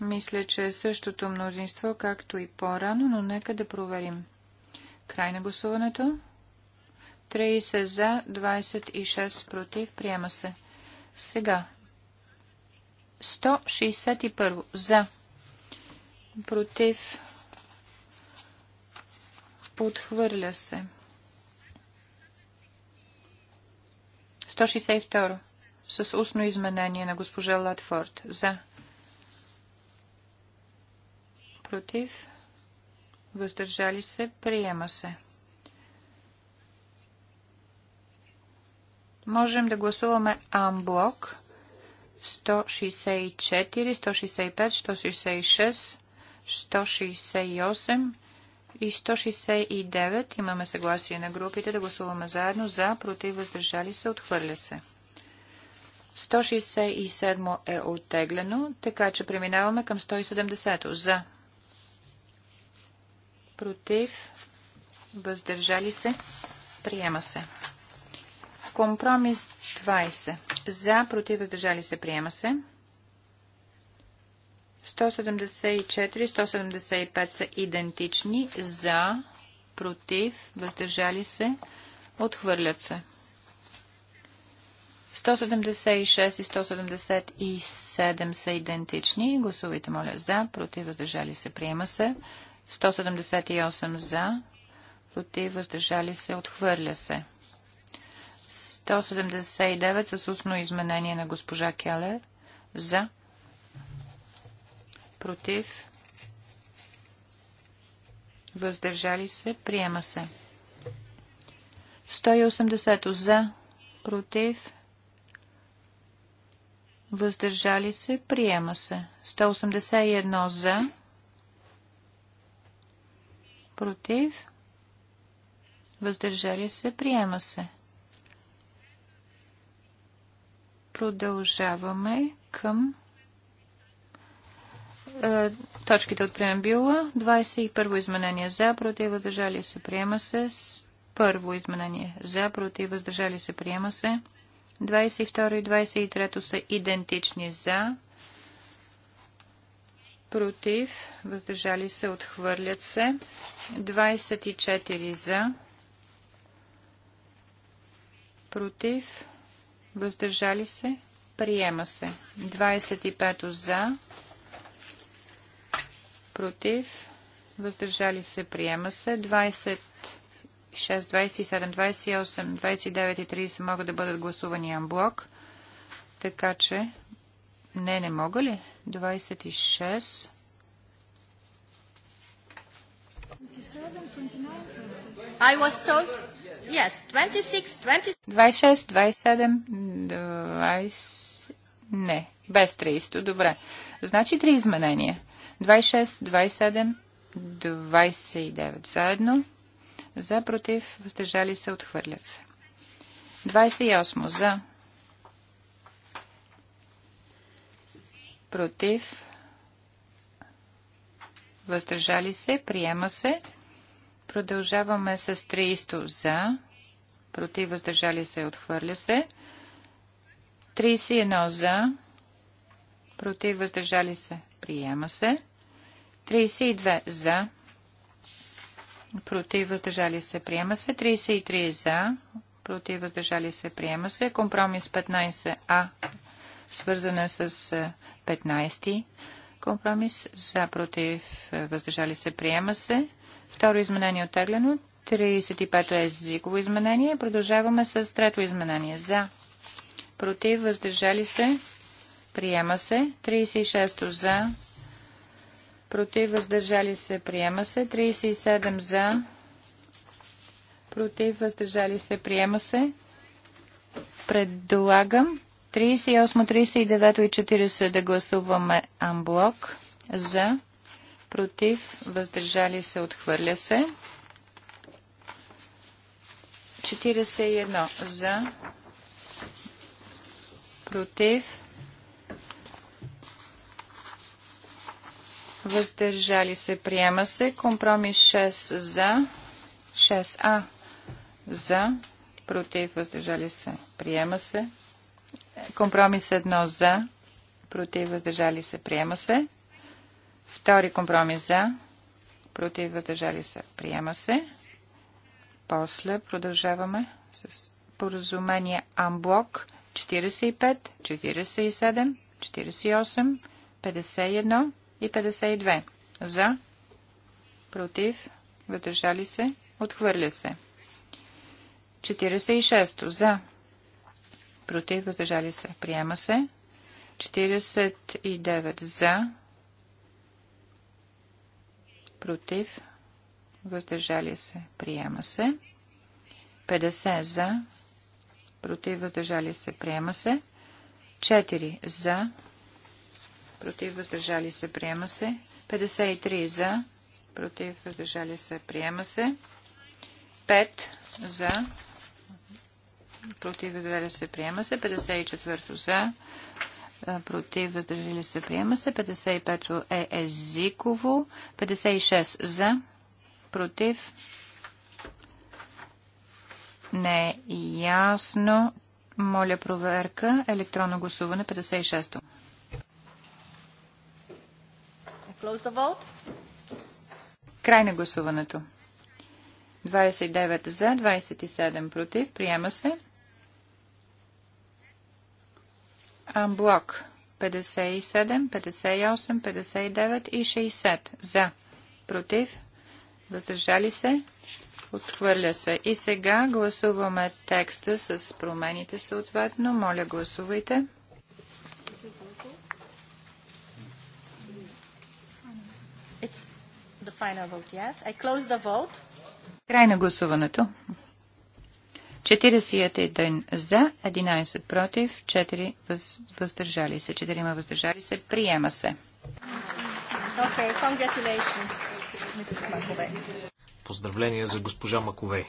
Мисля, че е същото мнозинство, както и по-рано, но нека да проверим. Край на гласуването. 30 за, 26 против. Приема се. Сега 161 за, против, подхвърля се. 162 с устно изменение на госпожа Латфорд за, против, въздържали се, приема се. Можем да гласуваме амблок 164, 165, 166, 168 и 169. Имаме съгласие на групите да гласуваме заедно за, против, въздържали се, отхвърля се. 167 е оттеглено, така че преминаваме към 170. За. Против. Въздържали се. Приема се. Компромис 20. За, против, въздържали се, приема се. 174, 175 са идентични. За, против, въздържали се, отхвърлят се. 176 и 177 са идентични. Гласувайте, моля, за, против, въздържали се, приема се. 178 за, против, въздържали се, отхвърля се. 179 с устно изменение на госпожа Келер. За. Против. Въздържали се. Приема се. 180 за. Против. Въздържали се. Приема се. 181 за. Против. Въздържали се. Приема се. Продължаваме към е, точките от преамбюла. 21 изменение за, против, въздържали се, приема се. Първо изменение за, против, въздържали се, приема се. 22 и 23 са идентични за, против, въздържали се, отхвърлят се. 24 за, против, въздържали се, приема се. 25 за, против, въздържали се, приема се. 26, 27, 28, 29 и 30 могат да бъдат гласувани амблок. Така че... Не, не мога ли? 26... I was told Yes, 26, 27, 20... Не, без 30, добре. Значи три изменения. 26, 27, 29 заедно. За, против, въздържали се, отхвърлят се. 28 за. Против. Въздържали се, приема се. Продължаваме с 30 за, против въздържали се, отхвърля се. 31 за, против въздържали се, приема се. 32 за, против въздържали се, приема се. 33 за, против въздържали се, приема се. Компромис 15а, Свързане с 15 е, компромис, за, против въздържали се, приема се. Второ изменение е оттеглено. 35 е езиково изменение. Продължаваме с трето изменение. За. Против. Въздържали се. Приема се. 36 за. Против. Въздържали се. Приема се. 37 за. Против. Въздържали се. Приема се. Предлагам 38, 39 и 40 да гласуваме амблок. За против, въздържали се, отхвърля се. 41 за, против, въздържали се, приема се. Компромис 6 за, 6а за, против, въздържали се, приема се. Компромис 1 за, против, въздържали се, приема се. Втори компромис за. Против въздържали се. Приема се. После продължаваме с поразумение Амблок 45, 47, 48, 51 и 52. За. Против. Въдържали се. Отхвърля се. 46. За. Против. Въдържали се. Приема се. 49. За против, въздържали се, приема се. 50 за, против, въздържали се, приема се. 4 за, против, въздържали се, приема се. 53 за, против, въздържали се, приема се. 5 за, против, въздържали се, приема се. 54 за, против, въздържали се, приема се. 55 е езиково. 56 за, против. Не е ясно. Моля проверка. Електронно гласуване 56-то. Край на гласуването. 29 за, 27 против. Приема се. Амблок 57, 58, 59 и 60. За. Против. Въздържали се. Отхвърля се. И сега гласуваме текста с промените съответно. Моля, гласувайте. It's the final vote, yes. I close the vote. Край на гласуването. 41 за, 11 против, 4 въздържали се. 4 въздържали се. Приема се. Поздравления за госпожа Маковей.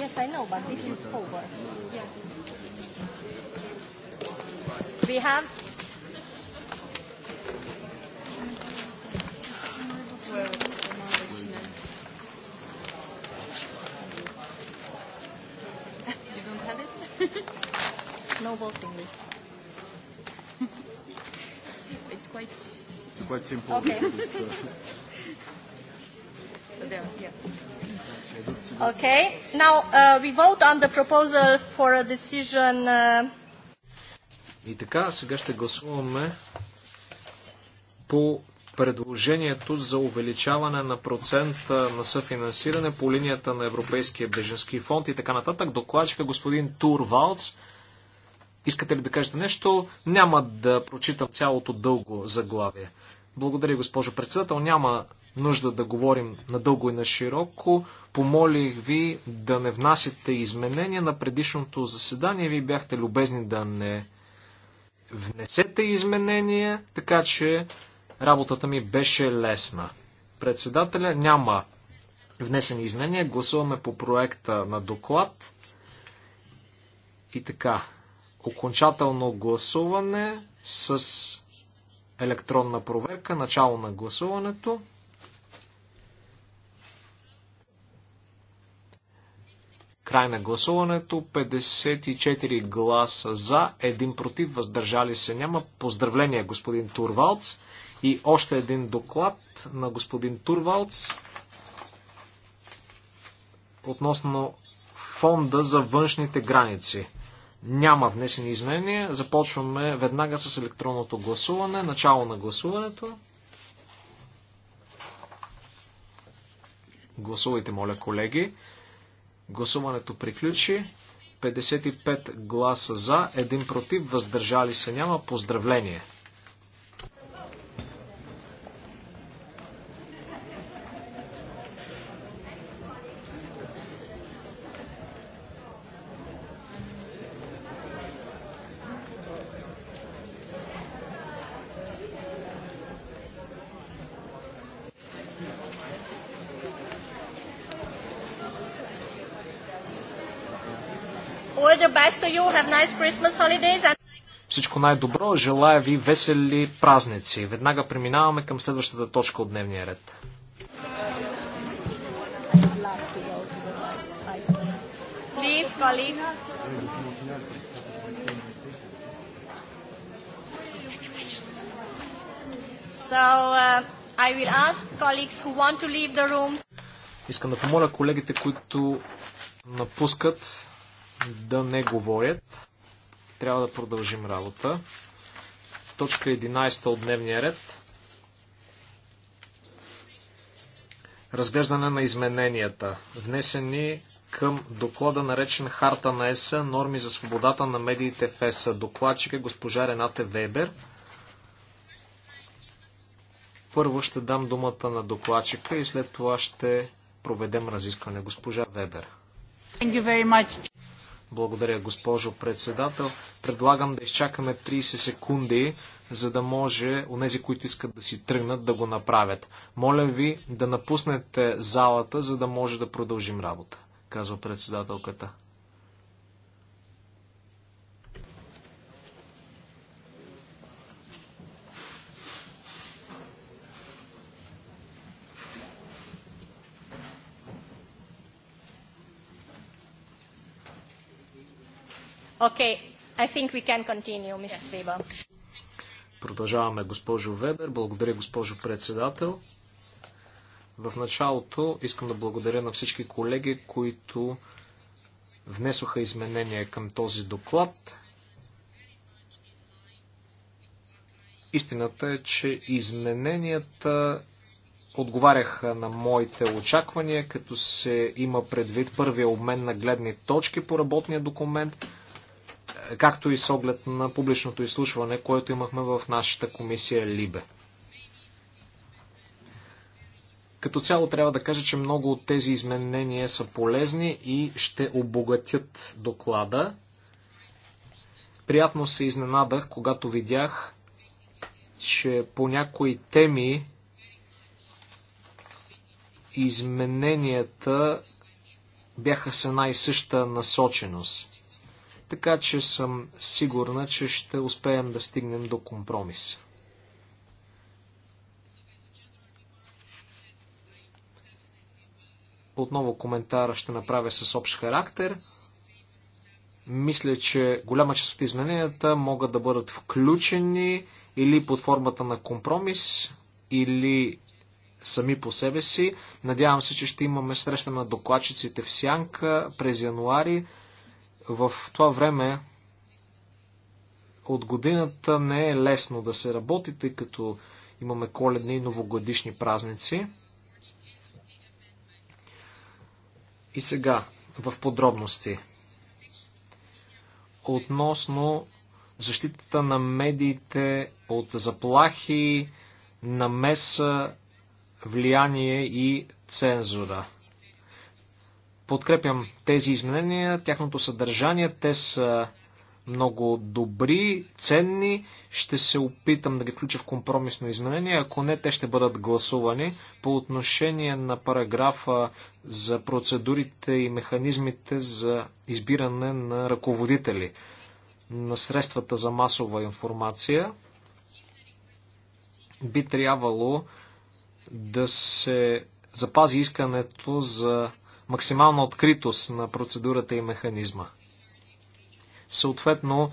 Yes, I know, but this is over. Yeah. We have Well, no voting list. it's quite. It's quite simple. Okay. Uh, okay. Now uh, we vote on the proposal for a decision. Uh... И така, сега ще гласуваме по предложението за увеличаване на процента на съфинансиране по линията на Европейския беженски фонд и така нататък. Докладчика господин Турвалц. Искате ли да кажете нещо? Няма да прочитам цялото дълго заглавие. Благодаря, госпожо председател. Няма нужда да говорим надълго и на широко. Помолих ви да не внасяте изменения на предишното заседание. Вие бяхте любезни да не внесете изменения, така че работата ми беше лесна. Председателя няма внесени изменения. Гласуваме по проекта на доклад. И така, окончателно гласуване с електронна проверка, начало на гласуването. Край на гласуването 54 гласа за, 1 против, въздържали се няма. Поздравления господин Турвалц и още един доклад на господин Турвалц относно фонда за външните граници. Няма внесени изменения. Започваме веднага с електронното гласуване. Начало на гласуването. Гласувайте, моля, колеги. Гласуването приключи. 55 гласа за, 1 против, въздържали се няма. Поздравление! Have nice Christmas holidays and... Всичко най-добро, желая ви весели празници. Веднага преминаваме към следващата точка от дневния ред. Uh, Искам да помоля колегите, които напускат да не говорят. Трябва да продължим работа. Точка 11 от дневния ред. Разглеждане на измененията, внесени към доклада наречен Харта на ЕСА, норми за свободата на медиите в ЕСА. Докладчик е госпожа Рената Вебер. Първо ще дам думата на докладчика и след това ще проведем разискване. Госпожа Вебер. Благодаря, госпожо председател. Предлагам да изчакаме 30 секунди, за да може онези, които искат да си тръгнат, да го направят. Моля ви да напуснете залата, за да може да продължим работа, казва председателката. Okay, I think we can continue, Mrs. Weber. Продължаваме, госпожо Вебер. Благодаря, госпожо председател. В началото искам да благодаря на всички колеги, които внесоха изменения към този доклад. Истината е, че измененията отговаряха на моите очаквания, като се има предвид първия обмен на гледни точки по работния документ – както и с оглед на публичното изслушване, което имахме в нашата комисия Либе. Като цяло трябва да кажа, че много от тези изменения са полезни и ще обогатят доклада. Приятно се изненадах, когато видях, че по някои теми измененията бяха с една и съща насоченост така че съм сигурна, че ще успеем да стигнем до компромис. Отново коментара ще направя с общ характер. Мисля, че голяма част от измененията могат да бъдат включени или под формата на компромис, или сами по себе си. Надявам се, че ще имаме среща на докладчиците в Сянка през януари. В това време от годината не е лесно да се работи, тъй като имаме коледни и новогодишни празници. И сега, в подробности. Относно защитата на медиите от заплахи, намеса, влияние и цензура. Подкрепям тези изменения, тяхното съдържание, те са много добри, ценни. Ще се опитам да ги включа в компромисно изменение. Ако не, те ще бъдат гласувани. По отношение на параграфа за процедурите и механизмите за избиране на ръководители на средствата за масова информация, би трябвало да се запази искането за максимална откритост на процедурата и механизма. Съответно,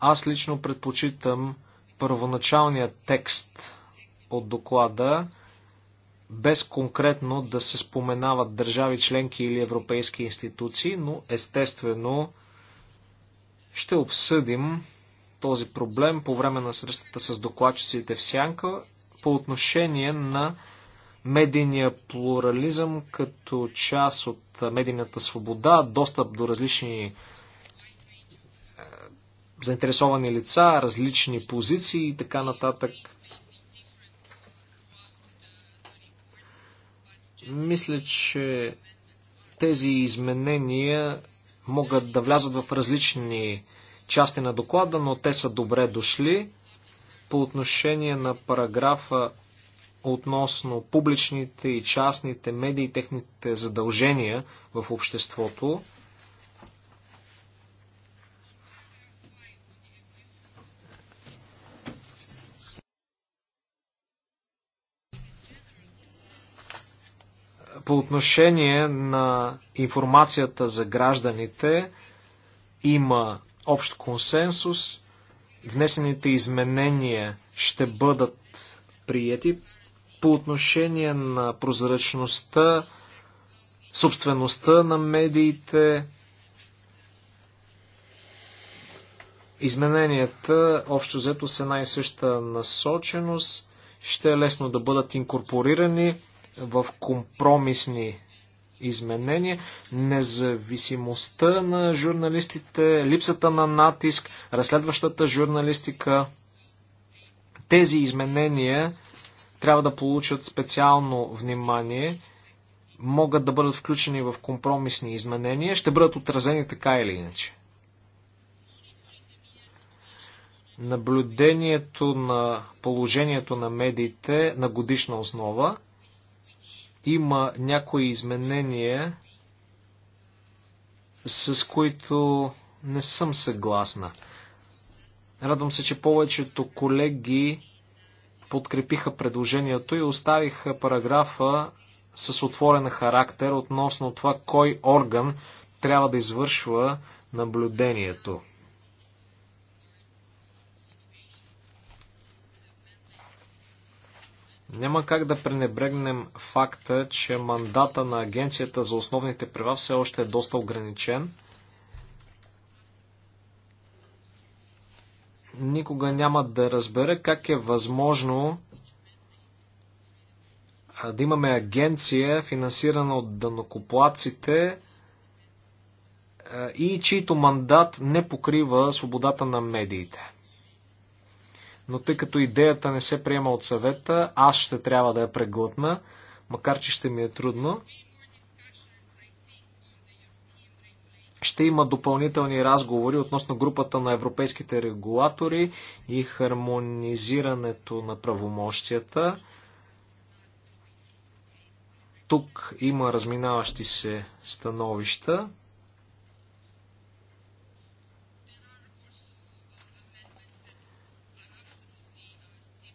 аз лично предпочитам първоначалния текст от доклада, без конкретно да се споменават държави членки или европейски институции, но естествено ще обсъдим този проблем по време на срещата с докладчиците в Сянка по отношение на медийния плурализъм като част от медийната свобода, достъп до различни е, заинтересовани лица, различни позиции и така нататък. Мисля, че тези изменения могат да влязат в различни части на доклада, но те са добре дошли. По отношение на параграфа относно публичните и частните медии и техните задължения в обществото. По отношение на информацията за гражданите има общ консенсус. Внесените изменения ще бъдат приети по отношение на прозрачността, собствеността на медиите, измененията, общо взето с една и съща насоченост, ще е лесно да бъдат инкорпорирани в компромисни изменения, независимостта на журналистите, липсата на натиск, разследващата журналистика. Тези изменения трябва да получат специално внимание, могат да бъдат включени в компромисни изменения, ще бъдат отразени така или иначе. Наблюдението на положението на медиите на годишна основа има някои изменения, с които не съм съгласна. Радвам се, че повечето колеги подкрепиха предложението и оставиха параграфа с отворен характер относно това кой орган трябва да извършва наблюдението. Няма как да пренебрегнем факта, че мандата на Агенцията за основните права все още е доста ограничен. никога няма да разбера как е възможно да имаме агенция, финансирана от данокоплаците и чийто мандат не покрива свободата на медиите. Но тъй като идеята не се приема от съвета, аз ще трябва да я преглътна, макар че ще ми е трудно. ще има допълнителни разговори относно групата на европейските регулатори и хармонизирането на правомощията. Тук има разминаващи се становища.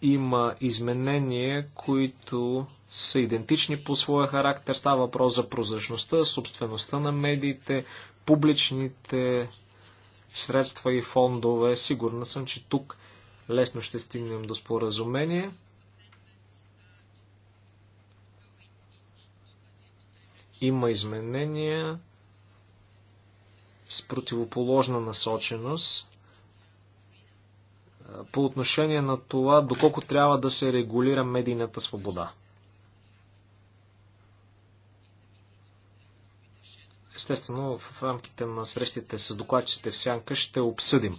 Има изменения, които са идентични по своя характер. Става въпрос за прозрачността, собствеността на медиите, публичните средства и фондове. Сигурна съм, че тук лесно ще стигнем до споразумение. Има изменения с противоположна насоченост по отношение на това, доколко трябва да се регулира медийната свобода. Естествено, в рамките на срещите с докладчите в Сянка ще обсъдим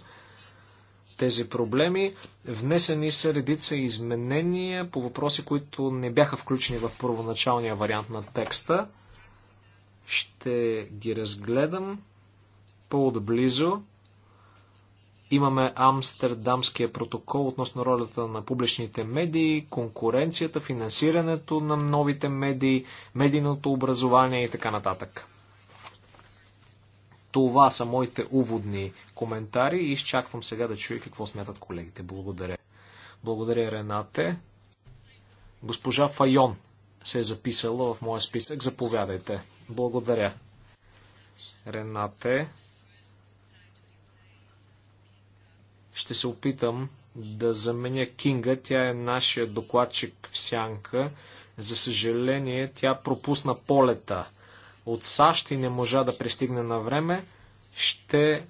тези проблеми. Внесени са редица изменения по въпроси, които не бяха включени в първоначалния вариант на текста. Ще ги разгледам по-отблизо. Имаме Амстердамския протокол относно ролята на публичните медии, конкуренцията, финансирането на новите медии, медийното образование и така нататък. Това са моите уводни коментари и изчаквам сега да чуя какво смятат колегите. Благодаря. Благодаря, Ренате. Госпожа Файон се е записала в моя списък. Заповядайте. Благодаря. Ренате. Ще се опитам да заменя Кинга. Тя е нашия докладчик в сянка. За съжаление, тя пропусна полета от САЩ и не можа да пристигне на време, ще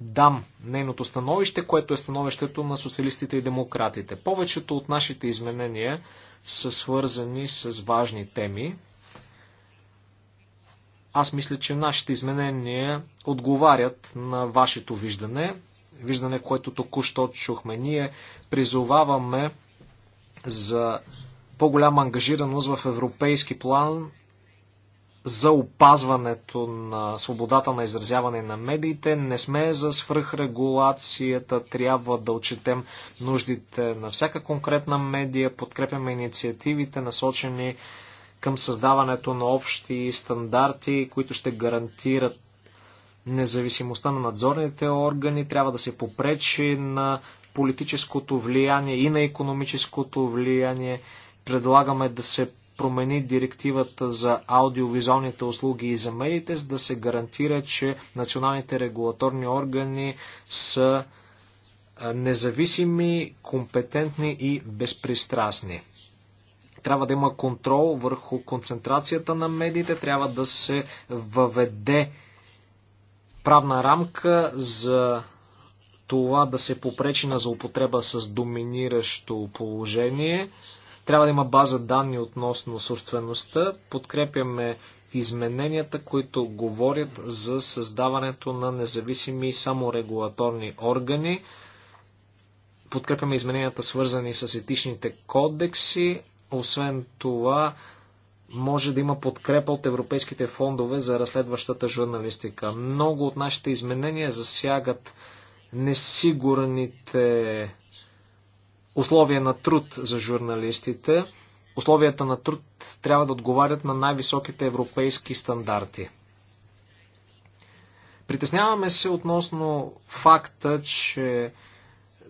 дам нейното становище, което е становището на социалистите и демократите. Повечето от нашите изменения са свързани с важни теми. Аз мисля, че нашите изменения отговарят на вашето виждане, виждане, което току-що чухме. Ние призоваваме за по-голяма ангажираност в европейски план за опазването на свободата на изразяване на медиите. Не сме за свръхрегулацията, трябва да отчетем нуждите на всяка конкретна медия, подкрепяме инициативите, насочени към създаването на общи стандарти, които ще гарантират независимостта на надзорните органи, трябва да се попречи на политическото влияние и на економическото влияние. Предлагаме да се промени директивата за аудиовизуалните услуги и за медиите, за да се гарантира, че националните регулаторни органи са независими, компетентни и безпристрастни. Трябва да има контрол върху концентрацията на медиите, трябва да се въведе правна рамка за това да се попречи на злоупотреба с доминиращо положение – трябва да има база данни относно собствеността. Подкрепяме измененията, които говорят за създаването на независими саморегулаторни органи. Подкрепяме измененията, свързани с етичните кодекси. Освен това, може да има подкрепа от европейските фондове за разследващата журналистика. Много от нашите изменения засягат несигурните условия на труд за журналистите. Условията на труд трябва да отговарят на най-високите европейски стандарти. Притесняваме се относно факта, че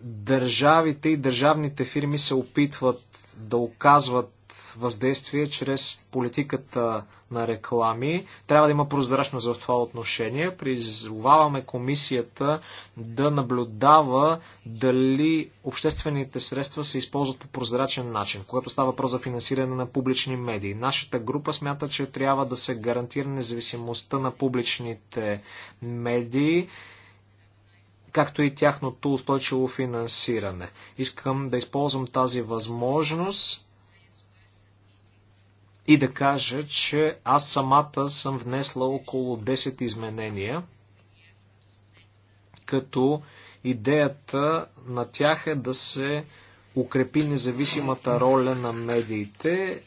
държавите и държавните фирми се опитват да оказват въздействие чрез политиката на реклами. Трябва да има прозрачност в това отношение. Призоваваме комисията да наблюдава дали обществените средства се използват по прозрачен начин, когато става въпрос за финансиране на публични медии. Нашата група смята, че трябва да се гарантира независимостта на публичните медии както и тяхното устойчиво финансиране. Искам да използвам тази възможност и да кажа, че аз самата съм внесла около 10 изменения, като идеята на тях е да се укрепи независимата роля на медиите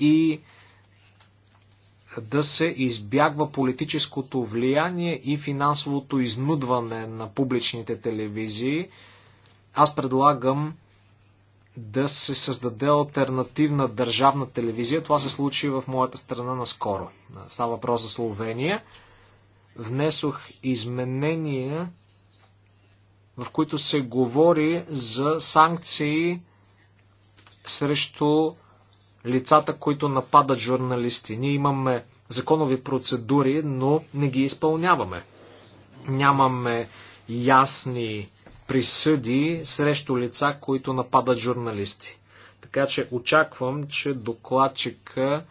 и да се избягва политическото влияние и финансовото изнудване на публичните телевизии. Аз предлагам да се създаде альтернативна държавна телевизия. Това се случи в моята страна наскоро. Става въпрос за Словения. Внесох изменения, в които се говори за санкции срещу лицата, които нападат журналисти. Ние имаме законови процедури, но не ги изпълняваме. Нямаме ясни присъди срещу лица, които нападат журналисти. Така че очаквам, че докладчика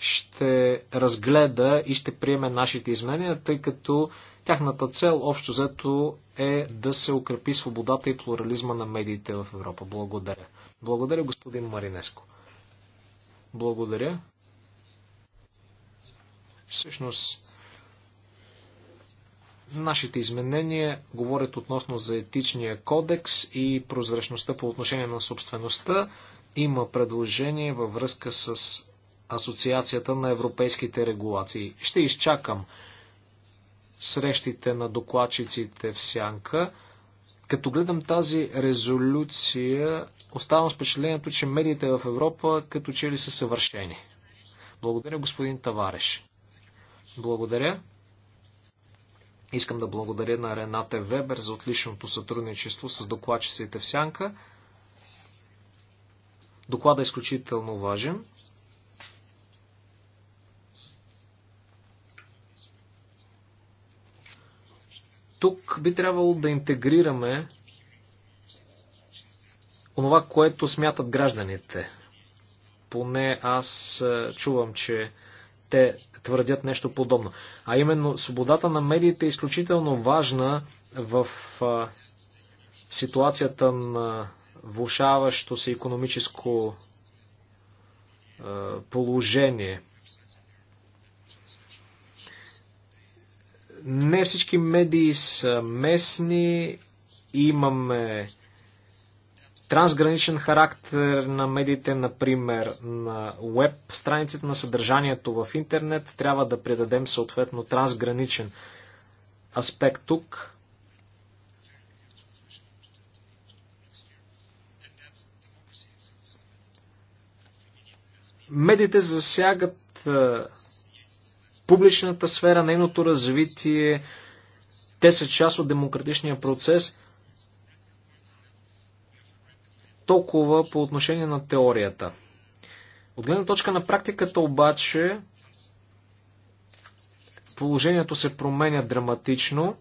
ще разгледа и ще приеме нашите изменения, тъй като тяхната цел общо взето е да се укрепи свободата и плурализма на медиите в Европа. Благодаря. Благодаря, господин Маринеско. Благодаря. Всъщност, Нашите изменения говорят относно за етичния кодекс и прозрачността по отношение на собствеността. Има предложение във връзка с Асоциацията на европейските регулации. Ще изчакам срещите на докладчиците в Сянка. Като гледам тази резолюция, оставам с впечатлението, че медиите в Европа като че ли са съвършени. Благодаря, господин Тавареш. Благодаря. Искам да благодаря на Рената Вебер за отличното сътрудничество с докладчиците в Сянка. Докладът е изключително важен. Тук би трябвало да интегрираме онова, което смятат гражданите. Поне аз е, чувам, че те твърдят нещо подобно. А именно, свободата на медиите е изключително важна в а, ситуацията на влушаващо се економическо а, положение. Не всички медии са местни, имаме трансграничен характер на медиите, например на веб страниците на съдържанието в интернет, трябва да предадем съответно трансграничен аспект тук. Медиите засягат публичната сфера, нейното развитие, те са част от демократичния процес – толкова по отношение на теорията. От гледна точка на практиката обаче положението се променя драматично.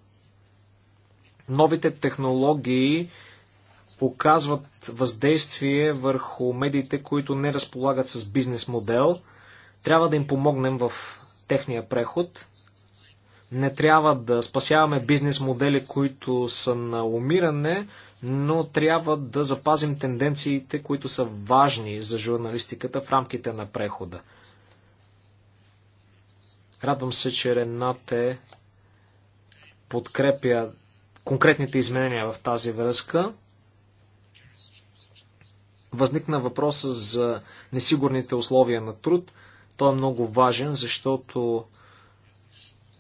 Новите технологии показват въздействие върху медиите, които не разполагат с бизнес модел. Трябва да им помогнем в техния преход. Не трябва да спасяваме бизнес модели, които са на умиране, но трябва да запазим тенденциите, които са важни за журналистиката в рамките на прехода. Радвам се, че Ренате подкрепя конкретните изменения в тази връзка. Възникна въпроса за несигурните условия на труд. Той е много важен, защото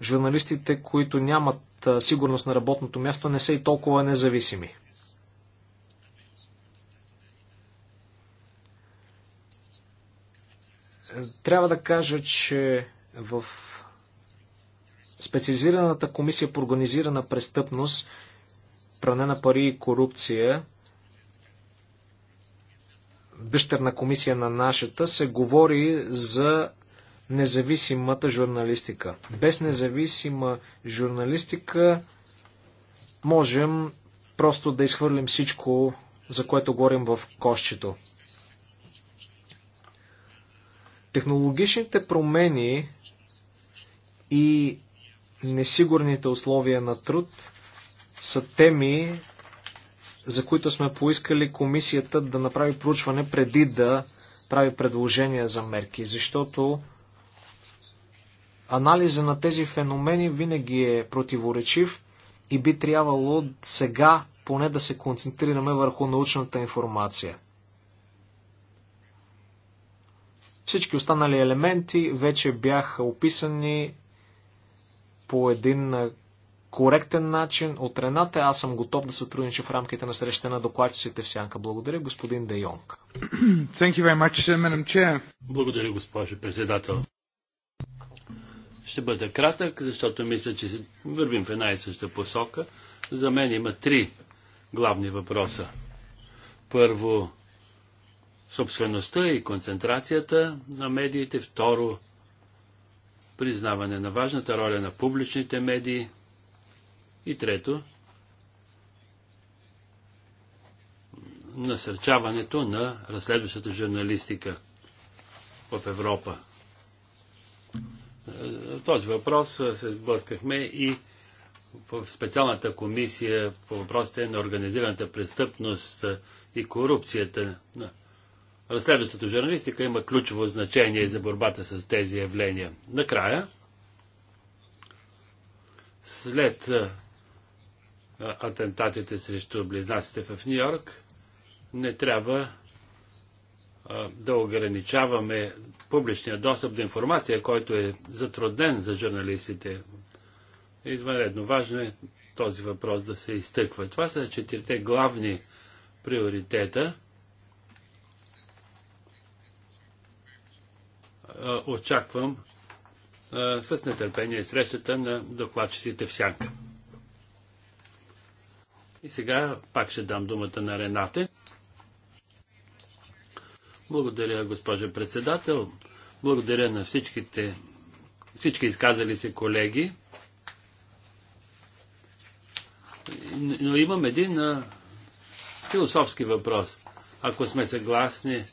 журналистите, които нямат сигурност на работното място, не са и толкова независими. Трябва да кажа, че в специализираната комисия по организирана престъпност, пране на пари и корупция, дъщерна комисия на нашата, се говори за независимата журналистика. Без независима журналистика можем просто да изхвърлим всичко, за което говорим в кошчето. Технологичните промени и несигурните условия на труд са теми, за които сме поискали комисията да направи проучване преди да прави предложения за мерки, защото анализа на тези феномени винаги е противоречив и би трябвало сега поне да се концентрираме върху научната информация – Всички останали елементи вече бяха описани по един коректен начин от Рената. Аз съм готов да сътрудничам в рамките на среща на докладчиците в Сянка. Благодаря, господин Де Йонг. Much, Благодаря, госпожо председател. Ще бъда кратък, защото мисля, че вървим в една и съща посока. За мен има три главни въпроса. Първо, собствеността и концентрацията на медиите. Второ, признаване на важната роля на публичните медии. И трето, насърчаването на разследващата журналистика в Европа. Този въпрос се сблъскахме и в специалната комисия по въпросите на организираната престъпност и корупцията на разследващата журналистика има ключово значение за борбата с тези явления. Накрая, след атентатите срещу близнаците в Нью Йорк, не трябва да ограничаваме публичния достъп до информация, който е затруднен за журналистите. Извънредно важно е този въпрос да се изтъква. Това са четирите главни приоритета – очаквам с нетърпение срещата на докладчиците в Сянка. И сега пак ще дам думата на Ренате. Благодаря, госпожа председател. Благодаря на всичките, всички изказали се колеги. Но имам един философски въпрос. Ако сме съгласни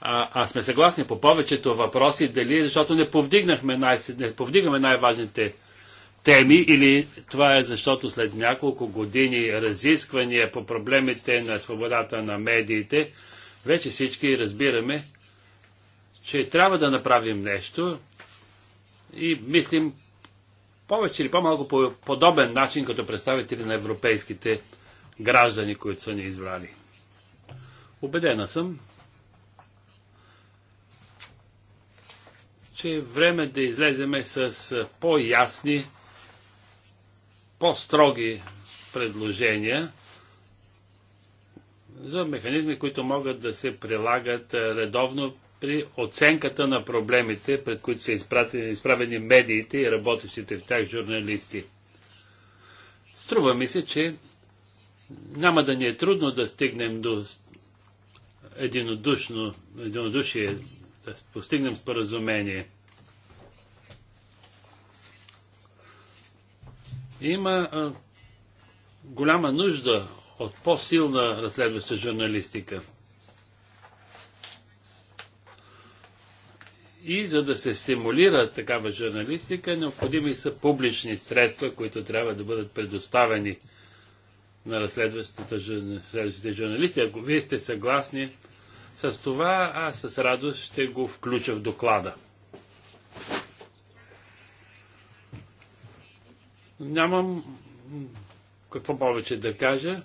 а, а сме съгласни по повечето въпроси, дали защото не, повдигнахме най, не повдигаме най-важните теми или това е защото след няколко години разисквания по проблемите на свободата на медиите, вече всички разбираме, че трябва да направим нещо и мислим повече или по-малко по подобен начин като представители на европейските граждани, които са ни избрали. Обедена съм, че е време да излеземе с по-ясни, по-строги предложения за механизми, които могат да се прилагат редовно при оценката на проблемите, пред които са изправени медиите и работещите в тях журналисти. Струва ми се, че няма да ни е трудно да стигнем до единодушно, единодушие постигнем споразумение. Има а, голяма нужда от по-силна разследваща журналистика. И за да се стимулира такава журналистика, необходими са публични средства, които трябва да бъдат предоставени на разследващите журналисти. Ако вие сте съгласни, с това аз с радост ще го включа в доклада. Нямам какво повече да кажа.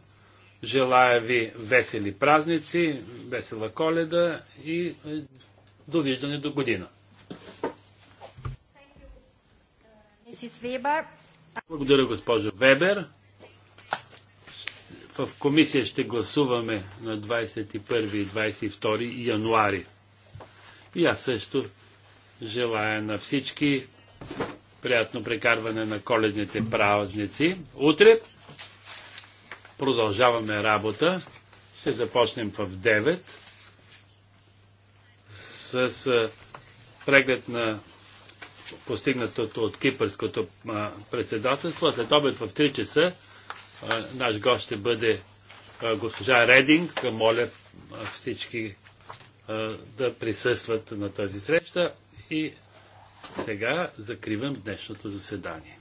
Желая ви весели празници, весела коледа и е, довиждане до година. Uh, Благодаря, госпожо Вебер. В комисия ще гласуваме на 21 и 22 януари. И аз също желая на всички приятно прекарване на коледните празници. Утре продължаваме работа. Ще започнем в 9 с преглед на постигнатото от кипърското председателство. След обед в 3 часа Наш гост ще бъде госпожа Рединг. Моля всички да присъстват на тази среща и сега закривам днешното заседание.